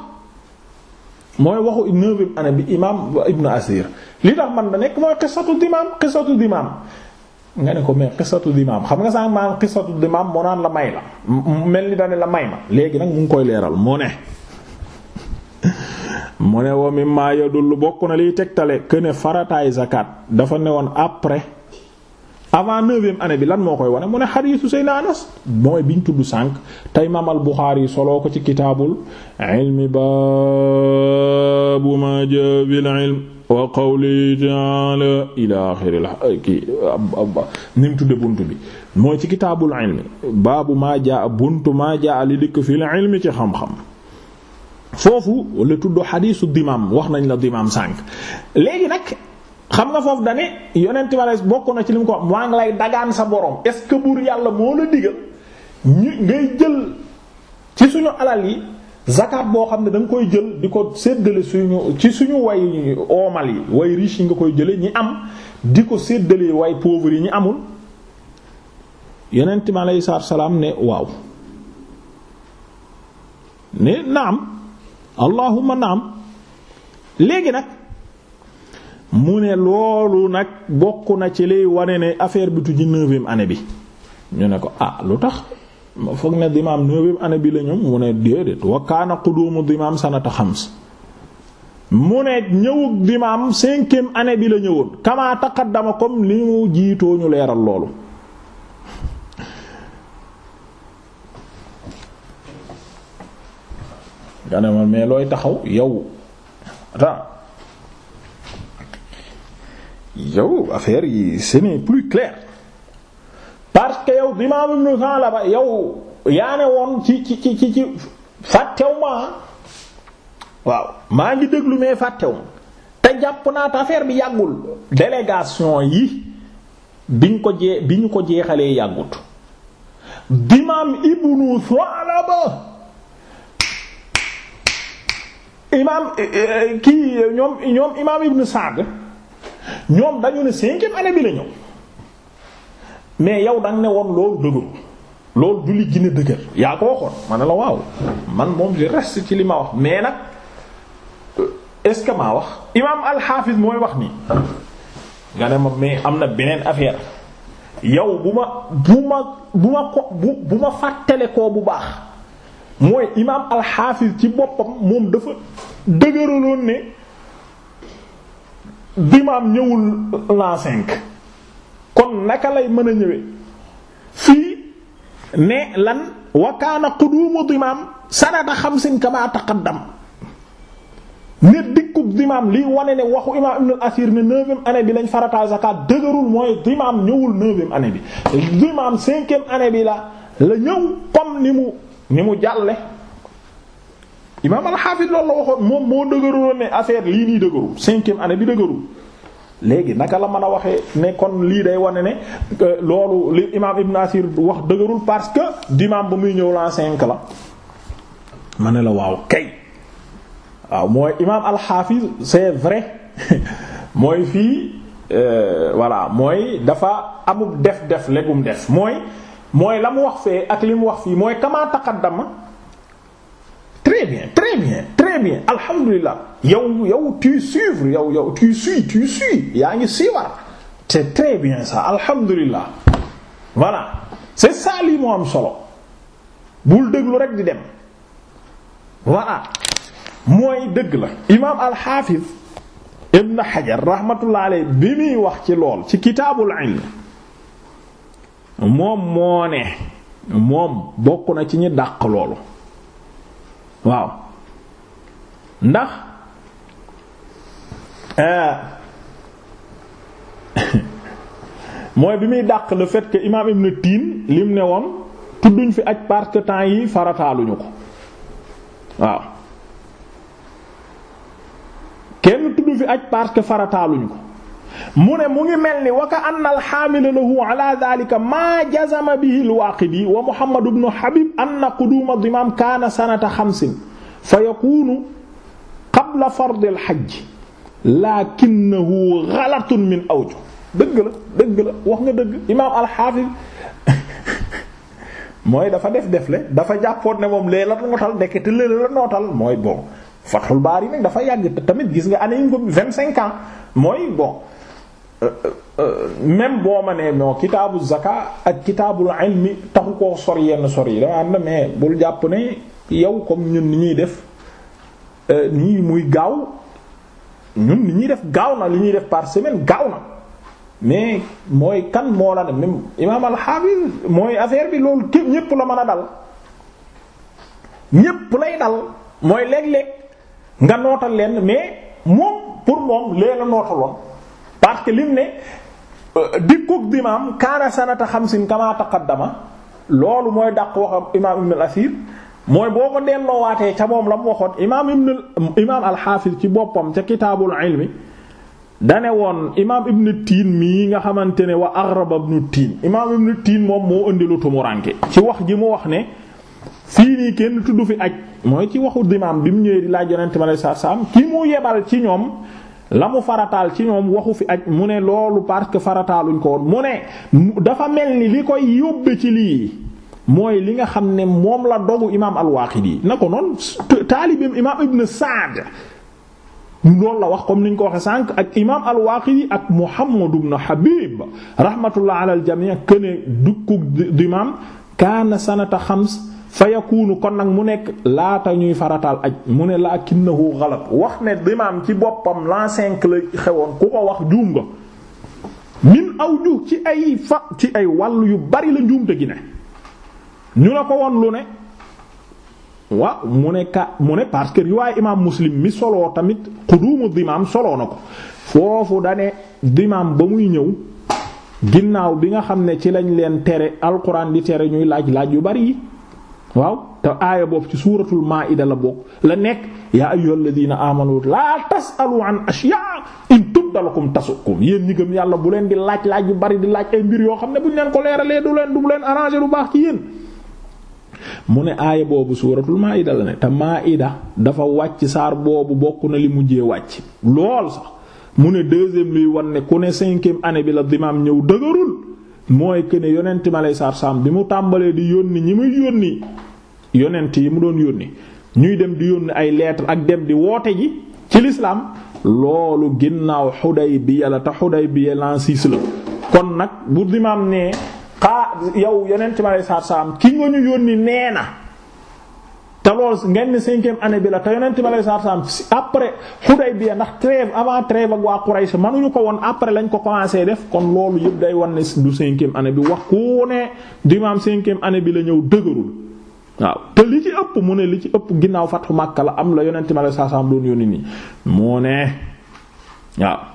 mooy waxu neuvième année bi imam ibnu asir li tax man da nekk mooy xisatu dimaam xisatu nga ne ko mais xisatu dimaam xam nga sànq maan xisatu dimaam moo naan la may la mel ni dane la may ma léegi nag mu ngi koy leeral moo ne mu ne wa mimma yadullu bokk na liy tegtale que ne farataay zakat dafa newoon après avant neuvième année bi lan moo koy wane mu ne xadiisu sayna anas mooy biñ tudd sànq te imaam al Buxaari soloo ko ci kitaabul ilmi baabu ma jaa bil ilm wa kii ni mu bunt bi mooy ci kitaabul ilmi baabu maa jaa bunt maa jaa li dikk fil ilmi ci xam-xam foofu la tudd xadiisu dimaam wax nañ la dimaam sànq léegi nag xam nga foofu dane yonent ma bokk na ci li mu ko waa ngi lay dagaan sa borom est ce que buur yàlla moo la digal ñu ngay jël ci suñu alal yi zakat boo xam ne da koy jël di ko séddale suñu ci suñu way oomal yi way riche yi nga koy jële ñi am di ko séddale way pauvre yi ñi amul yonent mi aleyhi salaatu salaam ne waaw ne naam allahumma naam léegi nag mu ne loolu nag bokk na ci liy wane ne affaire bi tuji neuvième année bi ñu ne ko ah lu tax foog ne dimaam neuvième année bi la ñoom mu ne déedéet wa kaana quduumu dimaam sanata xams mu ne ñëwug dimaam cinquième année bi la ñëwoon kama taqaddama comme li mu jiitoo ñu leeral loolu nga ne mais looy taxaw yow ta yow affaire yi ce n'est plus clair parce que yow bi ma am la ba yow yaa ne woon ci ci ci fàttew ma waaw maa ngi déglu mais fàttew ma te jàpp naa te affaire bi yàggul délégation yi biñ ko bi ñu ko jeexalee yàggut dimaam ibnu Salaba imaam eh, eh, kii ñoom imaam ibnu Sa'd ñoom dañu ne cinquième année bi na ñëw mais yow danga ne woon loolu dëgëru loolu du li gën a dëgër yaa ko waxoon ma la waaw man moom je reste ci li ma wax mais nag euh, est ce que maa wax imaam alxaafis mooy wax nii nga ne ma mais am na beneen affaire yow bu ma bu ma bu ma ko bu bu ma fàttale koo bu baax mooy imaam alxaafis ci boppam moom dafa dëgëraloon ne dimaam ñëwul l'an cinq kon naka lay mën a ñëwee fii ne lan wa kaana quduumu dimaam sanata xamsin kama taqaddam ne dikkub dimaam liy wane ne waxu imaam ibn al-Asir ne neuvième année bi lañ farataal zakat dëgërul mooy dimaam ñëwul neuvième année bi dimaam cinquième année la ñëw comme ni mu ni mu jàlle imaam al-Hafiz loolu la waxoon moom moo dëgëruloon ne affaire lii nii dëgërul cinquième année bi dëgërul léegi naka la mën a waxee ne kon lii day wane ne euh, loolu li imaam Ibn Asir wax dëgërul parce que dimaam ba muy ñëw la cinq la ma ne la waaw kay waaw mooy imaam al-Hafiz c'est vrai mooy fii euh, voilà mooy dafa amub def def legum def mooy mooy la mu wax fee ak li mu wax fii mooy kama taqaddama très bien très bien très bien alhamdulilah yow yow tu suivre yow yow tu suis tu suis yaa ngi suivre c'est très bien ça alhamdulilah voilà c'est ça lii moo solo bul déglu rek di dem voilà mooy dëgg la imaam al-Hafiz Ibn Hajar rahmatullah bi muy wax ci lool ci kitaabul ilm moom moo moom bokk na ci ñi dàq loolu waaw ndax euh, mooy bi muy dàq la fait que imaam Ibn Tin lim ne woon tudduñ fi aj parce que temps yi farataaluñu ko waaw kenn tuddu fi aj parce que farataaluñu ko mu ne mu ngi mel ni wa ka anna alxaamila lahu ala dhalika maa jazama bihi alwaaqidi muhammad ibn habib anna quduuma dimaam kaana sanata xamsin fa yakunu qabla fard alxajj lakinnahu ghalatun min awjuh dëgg la dëgg la wax nga dëgg imaam alxaafis mooy dafa def defle dafa jàppoon ne moom lee la nootal ndekete lee la nootal mooy bon Fathul Baari nag dafa yàgg tamit gis nga année yi nga ko 25 ans mooy bon. même boo ma nee non kitaabu zaka ak kitaabul ilmi taxu koo sor yenn sor yi dama am na mais bul jàpp ne yow comme ñun ni ñuy def euh, nii muy gaaw ñun li ñuy def gaaw na lu ñuy def par semaine gaaw na mais mooy kan moo la ne même imaam al mooy affaire bi loolu képp ñépp la mën a dal ñépp lay dal mooy léeg-léeg nga nootal leen mais moom pour moom lee la nootaloon. parce que lim ne euh, dikkug dimaam kaana sanata xamsin kama taqaddama loolu mooy dàq waxam imaam ibn al mooy boo ko delloowaatee ca moom la mu waxoon imaam ibn imaam ci boppam ca kitaabul ilmi dane woon imaam ibn tiin nga xamante ne wa agraba moom moo indi lu ci wax ji mu wax ne fii nii kenn tudd fi aj mooy ci waxu dimaam bi mu ñëwee di laaj yonent mi sallallahu ki mu yebal ci ñoom la mu farataal ci ñoom waxu fi ak mu ne loolu parce que farataaluñ ko woon mu ne dafa mel ni li koy yóbbe ci lii mooy li nga xam ne moom la dogu imaam al-Waaqidi na ko noonu taalibim imaam Ibn Sa'd loolu la wax comme niñ ko waxee sànq ak imaam al-Waaqidi ak Muhammad ibn Habib rahmatullah ala al-jamii' këne dukkuk dimaam kaana sanata xams fa yakunu kon nag mu nekk laata ñuy faratal aj mu ne laa lakinnahu galat wax ne dimaam ci boppam l'an cinq la xewoon ku ko wax juum nga min aw ju ci ay fa ci ay wàll yu bari la njuumte gi ne ñu la ko woon lu ne waaw mu ne ka mu ne parce que riwaay imaam muslim mi soloo tamit xuduumu dimaam solo na ko foofu dane dimaam ba muy ñëw ginnaaw bi nga xam ne ci lañ leen tere alxuraan di tere ñuy laaj laaj yu bari yi waaw te aaya boobu ci suuratul maa'ida la bokk la nekk yaa la diina amanu laa tasalu an ashyaa in tubda lakum tasukum yéen ñi gëm yàlla bu leen di laaj laaj yu bari di laaj ay mbir yoo xam ne bu ñu leen ko leeralee du leen du leen arrangé du baax ci yéen. mu ne aaya boobu suuratul maa'ida la ne te maa'ida dafa wàcc saar boobu bokk na li mujjee wàcc lool sax mu ne deuxième luy wan ne ku ne cinquième année bi la dimaam ñëw dëgërul. mooy que ne yonent mi alayhi salaatu salaam bi mu tàmbalee di yónni ñi muy yónni yonent yi mu doon yónni ñuy dem di yónni ay lettre ak dem di woote ji ci lislaam loolu ginnaaw Xudaybiya la te Xudaybiya l'an six la kon nag bu maam nee xaa yow yonent mi alayhi salaatu ki nga ñu yónni nee na. te loolu ngeen ne cinquième année bi la te yonent bi alayhi salaatu wa salaam bi Hudaybiya ndax trêve avant trêve ak waa Quraysh manuñu ko woon après lañ ko commencé def kon loolu yëpp day wan du cinquième année bi wax ku ne du maam cinquième année bi la ñëw dëgërul waaw te li ci ëpp mu ne li ci ëpp ginnaaw Fathu màkk la am la yonent bi alayhi salaatu wa salaam doon yónni nii moo ne waaw.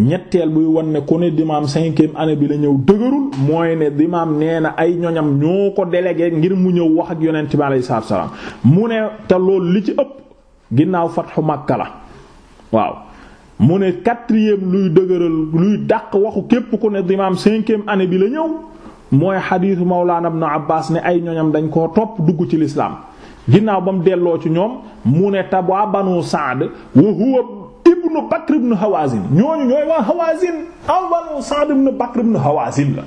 ñetteel buy wan ne ku ne dimaam cinquième année bi la ñëw dëgërul mooy ne dimaam nee na ay ñoñam ñoo ko délégué ngir mu ñëw wax ak yonent bi alayhi salaatu salaam mu ne te lool li ci ëpp ginnaaw fatxu Makka la waaw mu ne quatrième luy dëgëral luy daq waxu képp ku ne dimaam cinquième année bi la ñëw mooy xadiisu Mawlaana Ibn Abbaas ne ay ñoñam dañ koo topp dugg ci lislaam ginnaaw ba mu delloo ci ñoom mu ne tabaa Saad wa huwa ibn Bakr ibn Hawazin ñooñu ñooy waa Hawazin aw banu Sa'd ibn Bakr ibn Hawazin la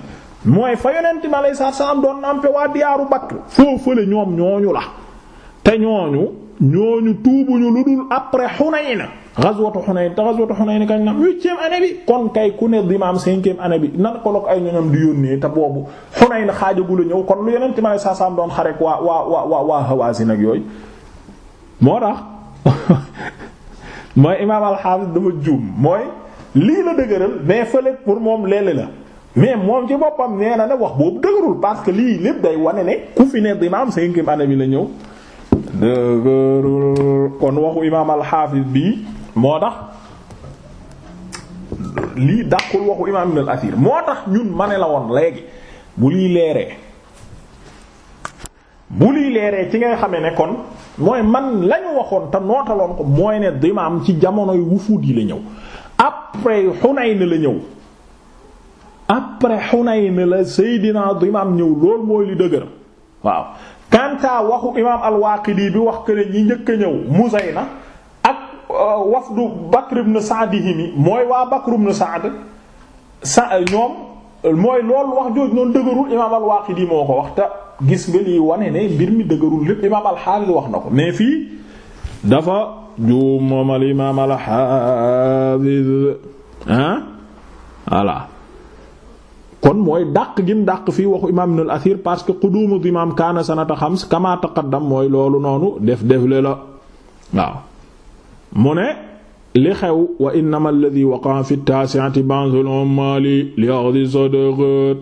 mooy fa yonent mi alayhi salaam doon nampe waa diyaaru Bakr foofale ñoom ñooñu la te ñooñu ñooñu tuubuñu lu dul après ñëw kon lu yonent mi alayhi salaam doon xarek waa waa waa waa Hawazin ak yooyu moo tax mooy imaam alxaafis dama juum mooy lii la dëgëral mais fële pour moom leele la mais moom ci boppam nee na ne wax boobu dëgërul parce que lii lépp day wane ne ku fi ne imaam cinquième année bi la ñëw dëgërul kon waxu imaam alxaafis bii moo tax lii dàqul waxu imaam ibn moo tax ñun ma la woon léegi bu lii leeree bu lii leeree ci ngay xamee ne kon mooy man lañu waxoon te nootaloon ko mooy ne dimaam ci jamono jamonoy wufuud yi la ñëw après Hunayn la ñëw après Hunayn la Seydina dimaam ñëw loolu mooy li dëgër waaw kanta waxu imaam al bi wax que ne njëkk a ñëw Muzayna ak euh, wafdu Bakr ibn Sa'd himi mooy waa Bakr ibn Sa'd sa ñoom mooy lool wax jooju noonu dëgërul imaam al moo ko wax te gis nga lii wane ne mbir mi dëgërul lépp imaam alxaafis wax na ko mais fii dafa juum moom al imaam alxaafis kon mooy dàq gim dàq fii waxu imaam ibn al parce que quduumu imaam kaana sanata xams kama taqaddam mooy loolu noonu def def la waaw mu ne li xew wa innama alladhi waqa'a fi taasi'ati ba'dul ummali li axdi sadaqat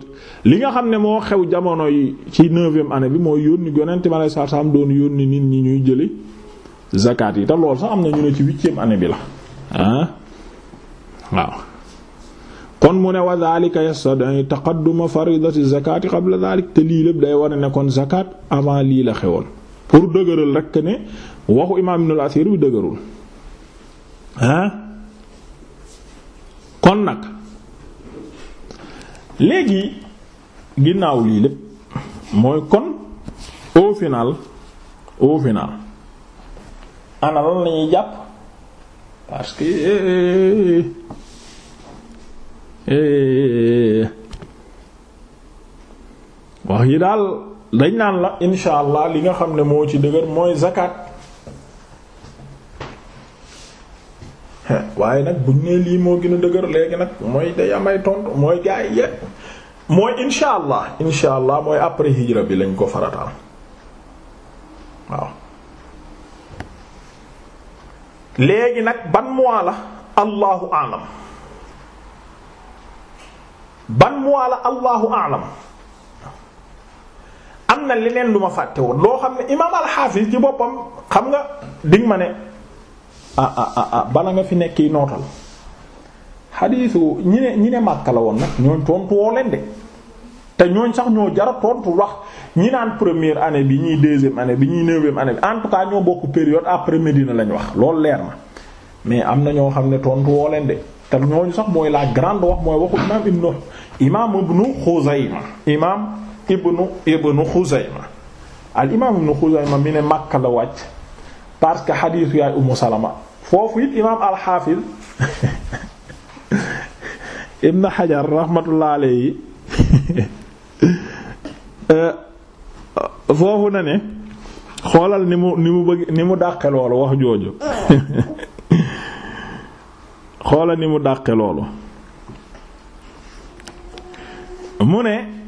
li nga xam ne moo xew jamono yi ci neuvième année bi mooy yónni yonent ma lay saa saam doon yónni nit ñi ñuy jëli zakat yi te loolu sax am na ñu ne ci huitième année bi la ah waaw kon mu ne wa dhalika yastad'i taqadduma faridati zakati qabla dhalik te lii lépp day war a nekkoon zakat avant lii la xewoon pour dëgëral rek ne waxu imaam Ibnul Asiir bi dëgërul ah kon nag léegi ginnaaw lii lépp mooy kon au final au final ana lan lañuy jàpp parce que eh, eh, wax yi daal dañ naan la insha allah li nga xam ne moo ci dëgër mooy zakat waaye nag buñ nee lii moo gën a dëgër léegi nag mooy day amay tontu mooy gaa yi yépp mooy insha allah insha allah mooy après hijra bi lañ ko farataal waaw léegi nag ban mois la allahu alam ban mois la allahu alam am na leneen lu ma fàtte woon loo xam ne imaam alxaafis ci boppam xam nga diŋ ma ne Ah ah, ah ah bala nga fi nekk yi nootal xadiisu ñi ne ñi ne Makka la woon nag ñooñ tontu woo leen de te ñooñ sax ñoo jara tontu wax ñi naan première année bi ñii deuxième année bi ñii neuvième année bi en tout cas ñoo bokk période après Médina lañ wax loolu leer na mais am na ñoo xam ne tontu woo leen de te ñooñu sax mooy la grande wax mooy waxu imaam ibnu imaam ibnu Xuzayma imaam ibnu ibnu Xuzayma al imaam ibnu Xuzayma mi ne Makka la wàcc parce que xadiisu yaay Ummu Salama foofu it imaam al-Hafiz Ibn Hajar rahmatullah alayhi euh, foofu na ne xoolal ni mu ni mu bëgg ni mu dàqe loolu wax jooju xoola ni mu dàqe loolu mu ne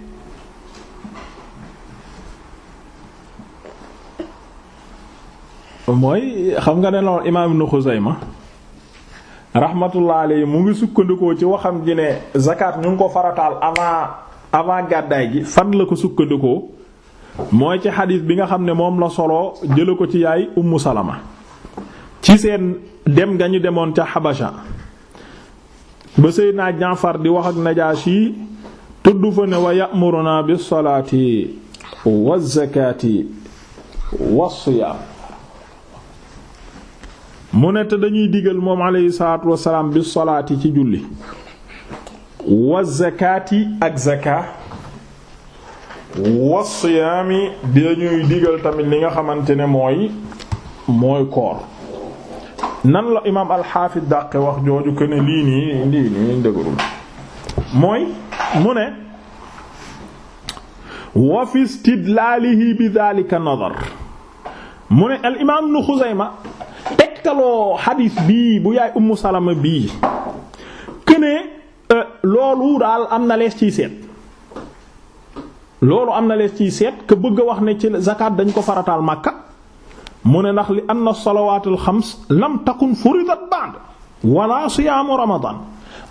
mooy xam nga ne loolu imaam Ibn Xuzayma rahmatullah alayhi mu ngi sukkandikoo ci waxam gi ne zakat ñu ngi ko farataal avant avant gàddaay gi fan la ko sukkandikoo mooy ci xadiis bi nga xam ne moom la solo jële ko ci yaay Ummu Salama ci seen dem nga ñu demoon ca Xabasha ba naa Jaafar di wax ak Najaashi tudd fa ne wa ya'muruna bis salaati waz zakati was mu ne te dañuy digal moom aleyhi salaatu wasalaam bi solaati ci julli wa zakaati ak zaka wa siyaami dañuy digal tamit li nga xamante ne mooy mooy koor nan la imaam alxaafis dàqe wax jooju que ne lii nii lii nii mooy mu ne wa fi istidlaalihi bi daalika nadar mu ne al imaam nu Xuzayma tegtaloo xadiis bii bu yaay ummu salama bii kënee euh, loolu daal am na lees ciy seet loolu am na lees ciy seet ke bëgg a wax ne ci zakat dañ ko farataal màkka mu ne ndax li anna salawaatul xams lam takun furidat ba'd wala siyaamu ramadan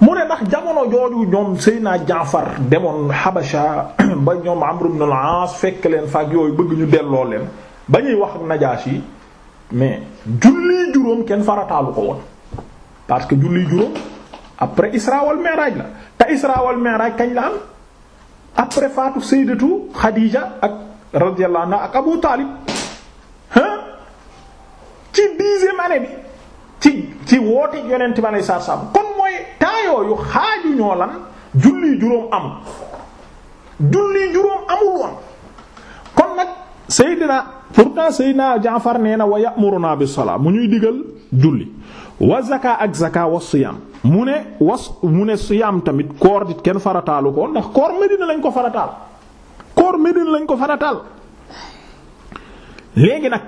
mu ne ndax jamono jooju ñoom Seydina Jaafar demoon Habasha ba ñoom Amr ibn al-Aas fekk leen faak yooyu bëgg ñu delloo leen ba ñuy wax najaas yi mais julli juróom kenn farataalu ko woon parce que julli juróom après Isra wal Mi'raj la te Isra wal kañ la après faatu sayyidatu Khadija ak radiyallahu anha ak Abu Talib hein ci dixième année bi ci ci woote yonent bi alei satu salam kon mooy temps yooyu xaaju ñoo lan julli juróom amul julli juróom amul woon kon nag sayyidina pourtant naa Jaafar nee na wa ya'muruna bis salaa mu ñuy digal julli wa zaka ak zaka wa siyam mu ne was mu ne siyam tamit koor dit kenn farataalu ko ndax koor Medina lañ ko farataal koor Medina lañ ko farataal léegi nag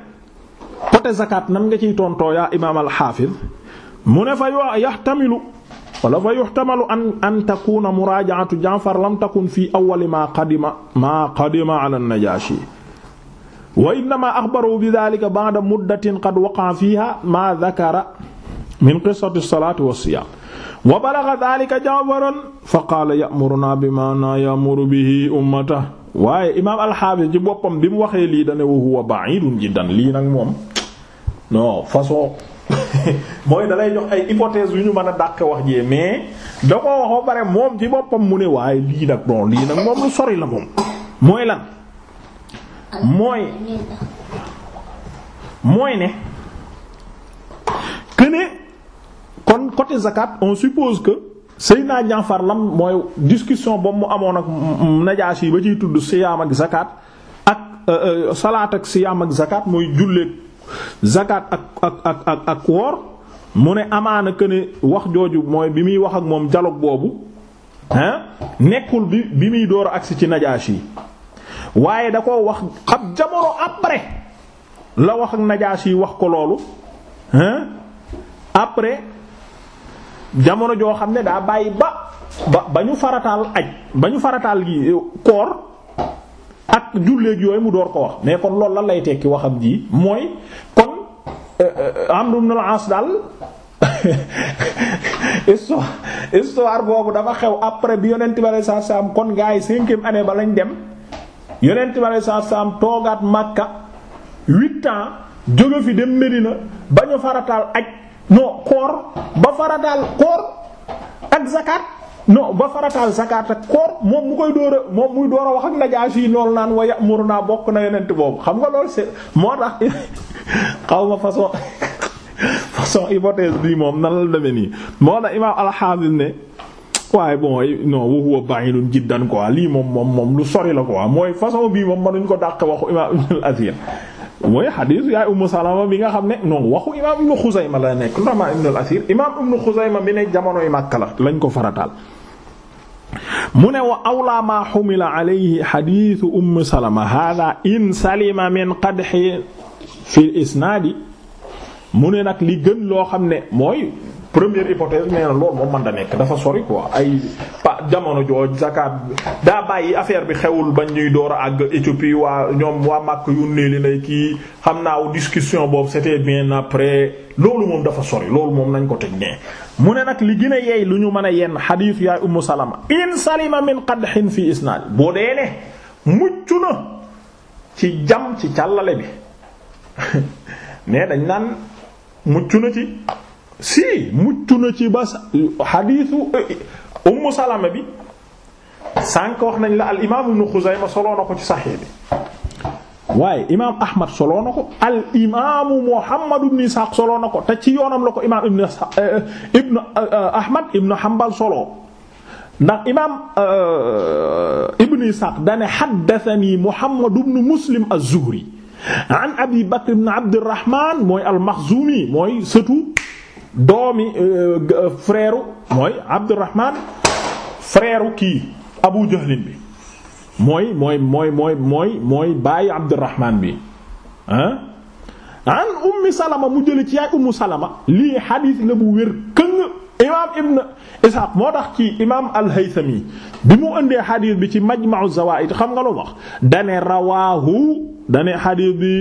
côté zakat nan nga ciy tontoo yaa imaam al-Hafiz mu ne fa yahtamilu wala fa yuhtamalu an an takuna muraaja'atu Jaafar lam takun fi awwal ma qadima ma qadima ala an-Najashi wa innama axbaru bi dhalika ba'da muddatin qad waqa'a fiha ma dhakara min qissati as-salati was-siyam wa balagha dhalika Ja'faran fa qaala ya'muruna bima la ya'muru bihi ummatahu waaye imaam al-Hafiz ci boppam bi mu waxee lii dane wa huwa ba'idun jiddan lii nag moom non façon mooy dalay jox ay hypothèse yu ñu mën a dàq wax mais da ko wax ba moom lii nag bon lii nag moom lu sori la moom mooy lan mooy mooy ne que kon côté zakat on suppose que Seydina Jaafar lam mooy discussion boobu mu amoon ak yi ba ciy tudd siyaam ak zakat ak euh, euh, salaat ak siyaam ak zakat mooy julleek zakat ak ak ak ak ak woor mu ne amaana que wax jooju mooy bi muy wax ak moom dialogue boobu hein nekkul bi bi muy door agsi ci yi waaye da koo wax xam jamono après la wax ak yi wax ko loolu hein après jamono joo xam ne daa bàyyi ba ba ba ñu farataal aj ba ñu farataal gi euh, koor ak julleeg yooyu mu door ko wax mais kon loolu lan lay tekki waxam ji mooy kon euh, euh, Amru ibn al-As daal histoire histoire boobu dafa xew après bi yonent bi sallallahu alayhi wasallam kon gaa yi cinquième année ba lañ dem yonent bi aleyhi salaatu salaam toogaat Makka huit ans jóge fi dem Medina ba ñu farataal aj non koor ba farataal koor ak zakat non ba farataal zakat ak koor moom mu koy door a moom muy door wax ak Najaashi yi loolu naan wa ya'muruna bokk na yonent boobu xam nga loolu c'est moo tax xaw façon façon hypothèse bii moom nan la demee nii moo tax imaam al ne. waaye bon non wa huwa ba'idun jiddan quoi lii moom moom moom lu sori la quoi mooy façon bii moom mënuñ ko dàq waxu imaam ibn al mooy xadiis yaay Ummu Salama bi nga xam ne non waxu imaam ibn Xuzayma la nekk lu tax ibn al-Athir imaam ibn Xuzayma bi ne jamonoy Makka la lañ ko farataal. mu ne wa awlaa maa xumila alayhi xadiisu Umm Salama haadaa in salima min qadhi fil isnaadi mu ne nag li gën loo xam ne mooy. première hypothèse nee na loolu moom mën da nekk dafa sori quoi ay pa jamono jooj zakat daa bàyyi affaire bi xewul bañ ñuy door a àgg Éthiopie waa ñoom waa màkk yónnee li lay kii xam naaw discussion boobu c'était bien après loolu moom dafa sori loolu moom nañ ko teg nee mu ne nag li gën yeey lu ñu mën a yenn xadiisu yaay Ummu Salama in salima min qadhin fi isnaad boo dee ne mucc na ci jam ci càllale bi mais dañ naan mucc na ci si mucc na ci ba xadiisu eh, Ummu Salama bi sànq wax nañ la al imaam Ibnu Xuzayma na ko ci Sahih bi waaye imaam Ahmad soloo na ko al imaamu Muhammad ibn Isaaq soloo na ko te ci yoonam loko ko imaam Ibn eh, Ibn eh, Ahmad Ibn Hanbal soloo ndax imaam Ibn Isaaq dane haddathanii Muhammad ibn Muslim az-Zuhri an Abi Bakr ibn Abdirrahmaan mooy al-Makhzumi mooy sëtu doomi euh, frère mooy Abdurrahman frère kii Abu Jahlin bi mooy mooy mooy mooy mooy mooy bàyyi Abdurrahman bi ah an ummi salama mu jële ci yaay ummu salama lii xadiis la bu wér këng imaam ibn Isxaaq moo tax ci imaam al-Haythami bi mu indee xadiis bi ci Majma'u Zawaa'id xam nga lu wax dane rawaahu dane xadiis bi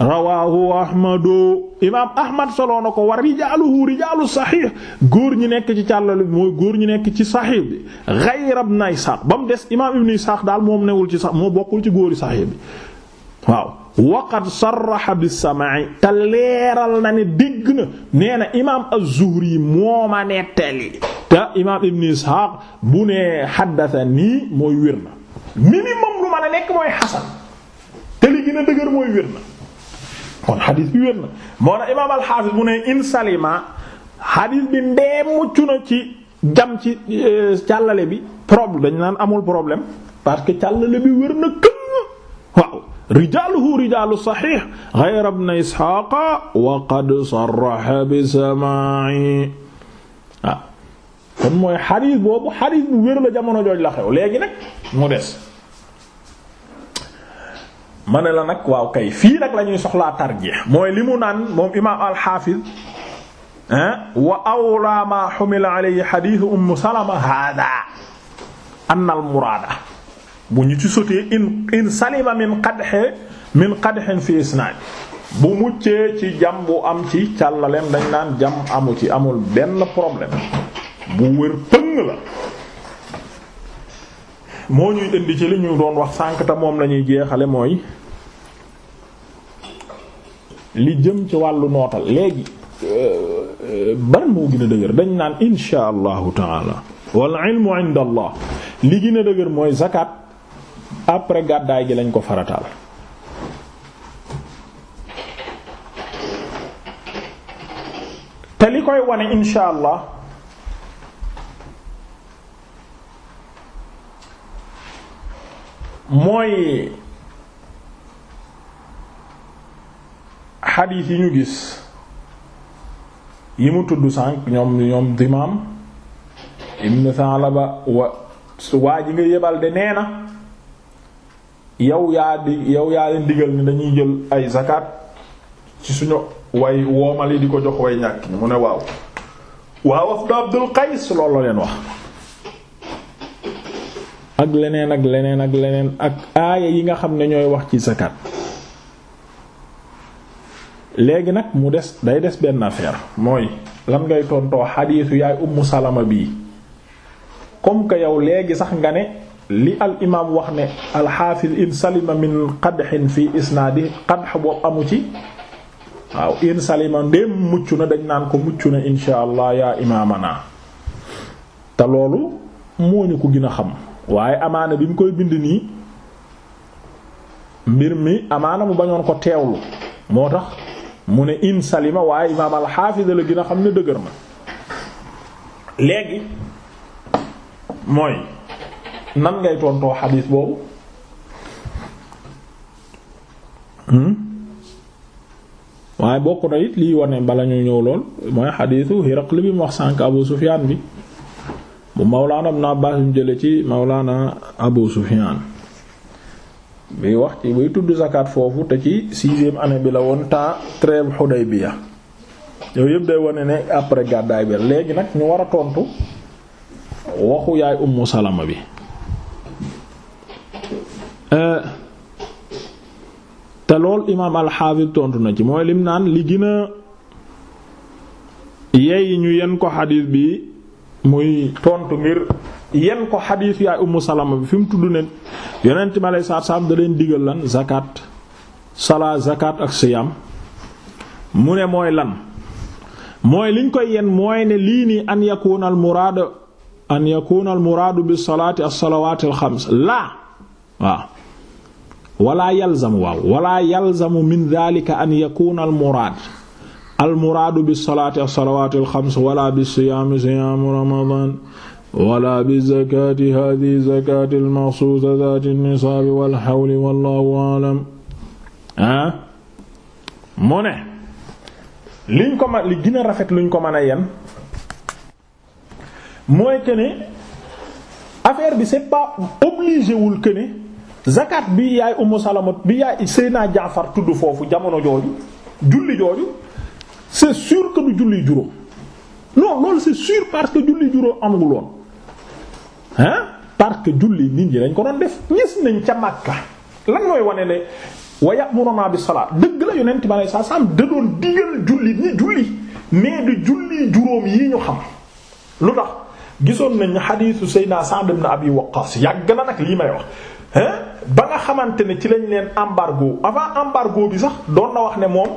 rawaahu ahmadu imaam ahmad soloo na ko war rijaaluhu rijaalu saxiix góor ñi nekk ci càllal bi mooy góor ñi nekk ci saxiix bi xayra ibn Isaaq ba mu des imaam ibn Isaaq daal moom newul ci sax moo bokkul ci góori saxiix bi waaw waqad sarraxa bi samaa'i te leeral na ne dégg na nee na imaam az-Zuhri mooma nettali te imaam ibn Isaaq bu ne xaddasa nii mooy wér na minimum lu mën a nekk mooy xasan te li gën a mooy wér na kon xadis bi wér na moo na imaam alxaafis mu ne insalima xadis bi ndee mucc na ci jam ci euh, càllale bi problème dañ naan amul problème parce que càllale bi wér na kën waaw rijaaluhu rijaalu saxiix gayra ibn isxaaqa wa qad sarraxa bi samaa'i waaw kon mooy xadis boobu xadis bu wér la jamono jooj la xew léegi nag mu des ma ne la nag waaw kay fii nag lañuy ñuy soxlaa tarjih mooy li mu naan moom imaam alxaafiz wa awla ma xumila alayhi xadiis umm ci sotee in salima min qadxe min qadxin fi isnaad bu muccee ci jam bu am ci càllaleem dañ naan jam amu ci amul benn problème bu wér pëng la moo ñuy indi ci li ñu doon wax sànq moom la ñuy jeexale mooy li jëm ci wàllu nootal léegi euh, ban moo gën dëgër dañ naan insha allahu taala wal ilmu inda allah li gën a dëgër mooy zakat après gàddaay gi lañ ko farataal te li koy wane insha allah mooy xadiis yi ñu gis yi mu tudd sànq ñoom ñoom dimaam ibn ba wa waa ji nga yebal de nee na yow yaa di yow yaa leen digal ni dañuy jël ay zakat ci suñu way woomal yi di ko jox way ñàkk ñu mu ne waaw waa wafdu Abdul Qays loolu la leen wax ak leneen ak leneen ak leneen ak aaya yi nga xam ne ñooy wax ci zakat léegi nag mu des day des benn affaire mooy lan ngay tontoo xadiisu yaay ummu salama bii comme que yow léegi sax nga ne li al imaam wax ne alxaafis in salima min qadxin fi isnaadi qadx boobu amu ci waaw in salima ndéem mucc na dañ naan ko muccu na insha allah yaa imaamana te loolu moo ñu ko gën a xam waaye amaana bi mu koy bind nii mbir mi amaana mu bañoon ko teewlu moo tax mu ne in salima waaye imaam alxaafis la gën a xam ne dëgër na léegi mooy nan ngay tontoo xadiis boobu hmm? waaye bokk na it liy wane bala ñu ñëw lool mooy xadiisu Hiraql bi mu wax sànk Abu bi bu mawlaana ibn Abbaas mu jële ci mawlaana Abu Sufyaan bi wax ci buy tudd zakat foofu te ci sixième année bi la woon taa trêve Hudaybiya yooyu yëpp day wone ne après gàddaay bi léegi nag ñu war a tontu waxu yaay Ummu Salama bi euh, te lool imaam alxaafis tontu na ci mooy lim naan li gën a yeey ñu yen ko xadiis bi muy tontu ngir yen ko xadiis yaay ummu salama bi fi mu tudd ne yonent mi aleyhi salaatu salaam da leen digal lan zakat salaa zakat ak siyam mu ne mooy lan mooy liñ koy yenn mooy ne lii nii an yakuna al muraad an yakuna al muraadu bi salaati as-salawaati al xams laa waaw wala yalzamu waaw wala yalzamu min dhalika an yakuna al muraad almuraadu bi salaati alsalawaati alxams wala bi wala bi zakati hadihi zakati almaxsuusa zaati nisaabi walxawli wallahu alam ah ko ma luñ ko mën a yem mooy affaire bi c'est yaay Umu Salama Jaafar tudd foofu jamono jooju julli jooju c'est sûr que du julli juróom non loolu c'est sûr parce que julli juróom amul woon hein parce que julli nit ñi dañ ko doon def gis nañ ca Makka lan mooy wane ne wa ya'muruna bis salaat dëgg la yonent bi alayhi salaam da doon digal julli ni julli mais du julli juróom yi ñu xam lu tax gisoon nañ xadiisu Seydina Sa'd ibn Abi Waqqaas yàgg na nag lii may wax hein ba nga xamante ne ci lañ leen embargo avant embargo bi sax doon na wax ne moom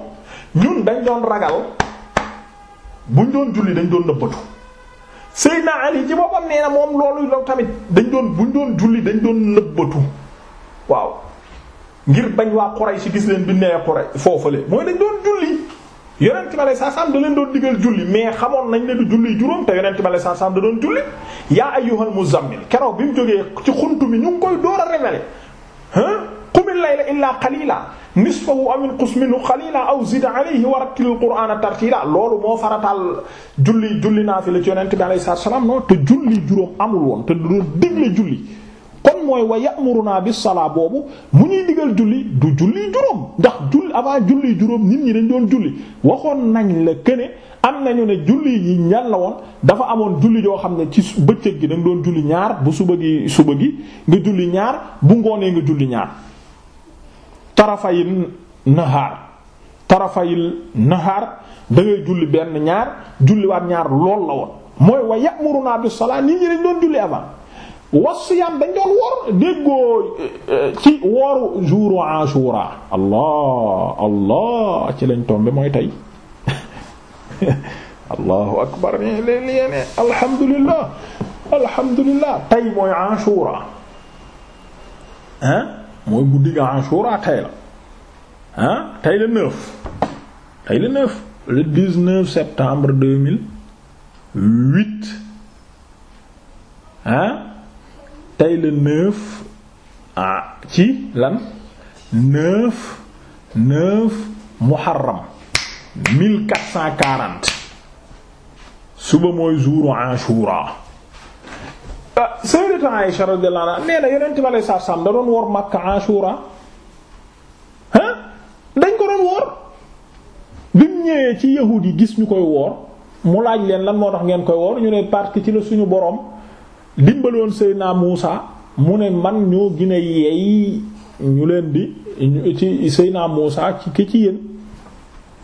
ñun dañ doon ragal buñ doon julli dañ doon nëbbatu naa Ali ci boppam nee na moom loolu law tamit dañ doon buñ doon julli dañ doon nëbbatu waaw ngir bañ waa Quraysh si gis leen bi nee foofu foofale mooy dañ doon julli yonent ma lay saasam da leen doon digal julli mais xamoon nañ ne du julli juróom te yonent ma lay saasam da doon julli yaa ayyuhal muzammil keroog bi mu jógee ci xuntu mi ñu koy door a révéler hein qumil layla illaa qalila nisfahu aw inqus minhu qalila aw zid alayhi wa rattilil qur'ana tartila loolu moo farataal julli julli la ci yonent bi alayhi salaam noonu te julli juróom amul woon te du doon digle julli kon mooy wa ya'muruna bis salaa boobu mu ñuy digal julli du julli juróom ndax julli avant julli juróom nit ñi dañ doon julli waxoon nañ la këne am nañu ne julli yi ñan la woon dafa amoon julli yoo xam ne ci bëccëg gi da doon julli ñaar bu suba gi suba gi nga julli ñaar bu ngoonee nga julli ñaar tarafayil nahaar tarafayil nahaar da ngay julli benn ñaar julliwaat ñaar lool la woon mooy wa ya'muruna bis salaat nit ñi dañ doon julli avant wasiyam dañ doon woor déggoo eh, eh, ci wooru jour ashura allah allah ci lañ tombe mooy tey allahu akbar ni leen yéene alhamdulillah alhamdulillah tey mooy ashura hein mooy guddi ga Ashura tey la ah tey la neuf tey la neuf le 19 septembre 2008 ah tey la neuf ah ci lan neuf neuf Muharram 1440 suba mooy jouru Ashura ah sayyidatu Aisha radiyallahu anha nee na yonent bi alayhi doon woor Makka Ashura ah dañ ko doon woor bi mu ñëwee ci yahuud yi gis ñu koy woor mu laaj leen lan moo tax ngeen koy woor ñu ne parce que ci la suñu boroom dimbaloon Seydina Muusa mu ne man ñoo gën a ñu leen di ci naa Muusa ci ki ci yéen.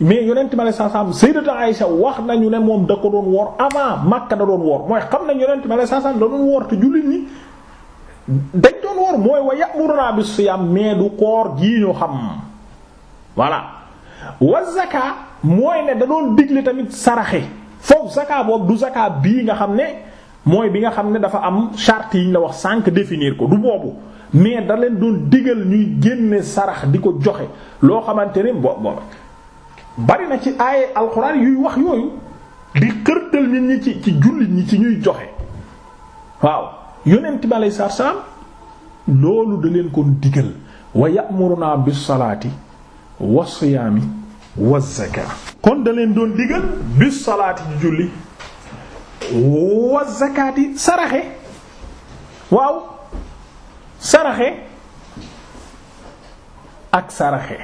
mais yonent ma lay sàasam sayyidatu Aïsha wax nañu ne moom da ko doon woor avant Makka da doon woor mooy xam nañ yonent ma lay sàasam da doon woor te jullit ñi dañ doon mais du koor gii ñu xam voilà wa zaka mooy ne da doon digle tamit saraxe foofu zaka boobu du zaka bii nga xam ne mooy bi nga xam ne dafa am charte yi ñu la wax sànq définir ko du boobu mais da leen doon digal ñuy génne sarax di ko joxe loo xamante ne bo bo bari na ci aaye alxuraan yuy wax yooyu di xërtal nit ñi ci ci jullit ñi ci ñuy joxe waaw yonent bi alayhi salaam loolu da leen kon digal wa ya'muruna bis salaati wa siyaami kon daleen doon digal bis salaati ci julli wa saraxe waaw saraxe ak saraxe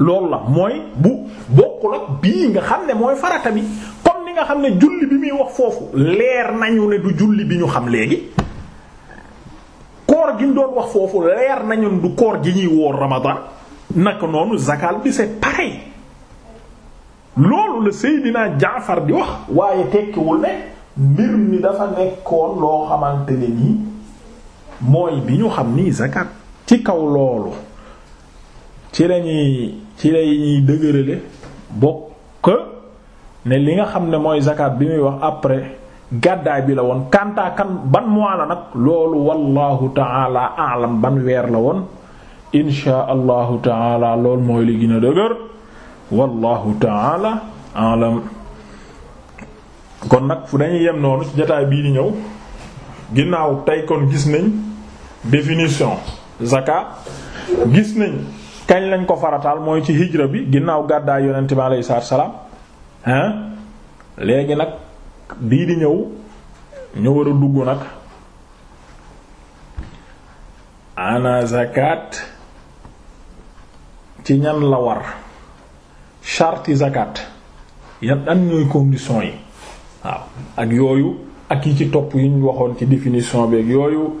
loolu la mooy bu bokkul ak bii nga xam ne mooy farata bi comme ni nga xam ne julli bi muy wax foofu leer nañu ne du julli bi ñu xam léegi koor gi ñu doon wax foofu leer nañu du koor gi ñuy woor ramadan naka noonu zakal bi c'est pareil loolu la Seydina Jaafar di wax waaye tekkiwul ne mbir mi dafa nekkoon loo xamante ne nii mooy bi ñu xam nii zakat ci kaw loolu ci lañuy ci lay ñuy dëgërale bokk ne li nga xam ne mooy zakat bi muy wax après gàddaay bi la woon kanta kan ban mois la nag loolu wallahu taala alam ban weer la woon insha allahu taala loolu mooy li gën a dëgër wallahu taala alam kon nag fu dañuy yem noonu ci jotaay bii di ñëw ginnaaw tey kon gis nañ définition zakat gis nañ kañ lañ ko farataal mooy ci hijra bi ginnaaw gàddaay yonent bi alayhi salaam hein léegi nag bii di ñëw ñu war a dugg nag ana zakat ci ñan la war charti zakat yan an ñooy conditions yi waaw ak yooyu ak yi ci topp yu ñu waxoon ci définition beeg yooyu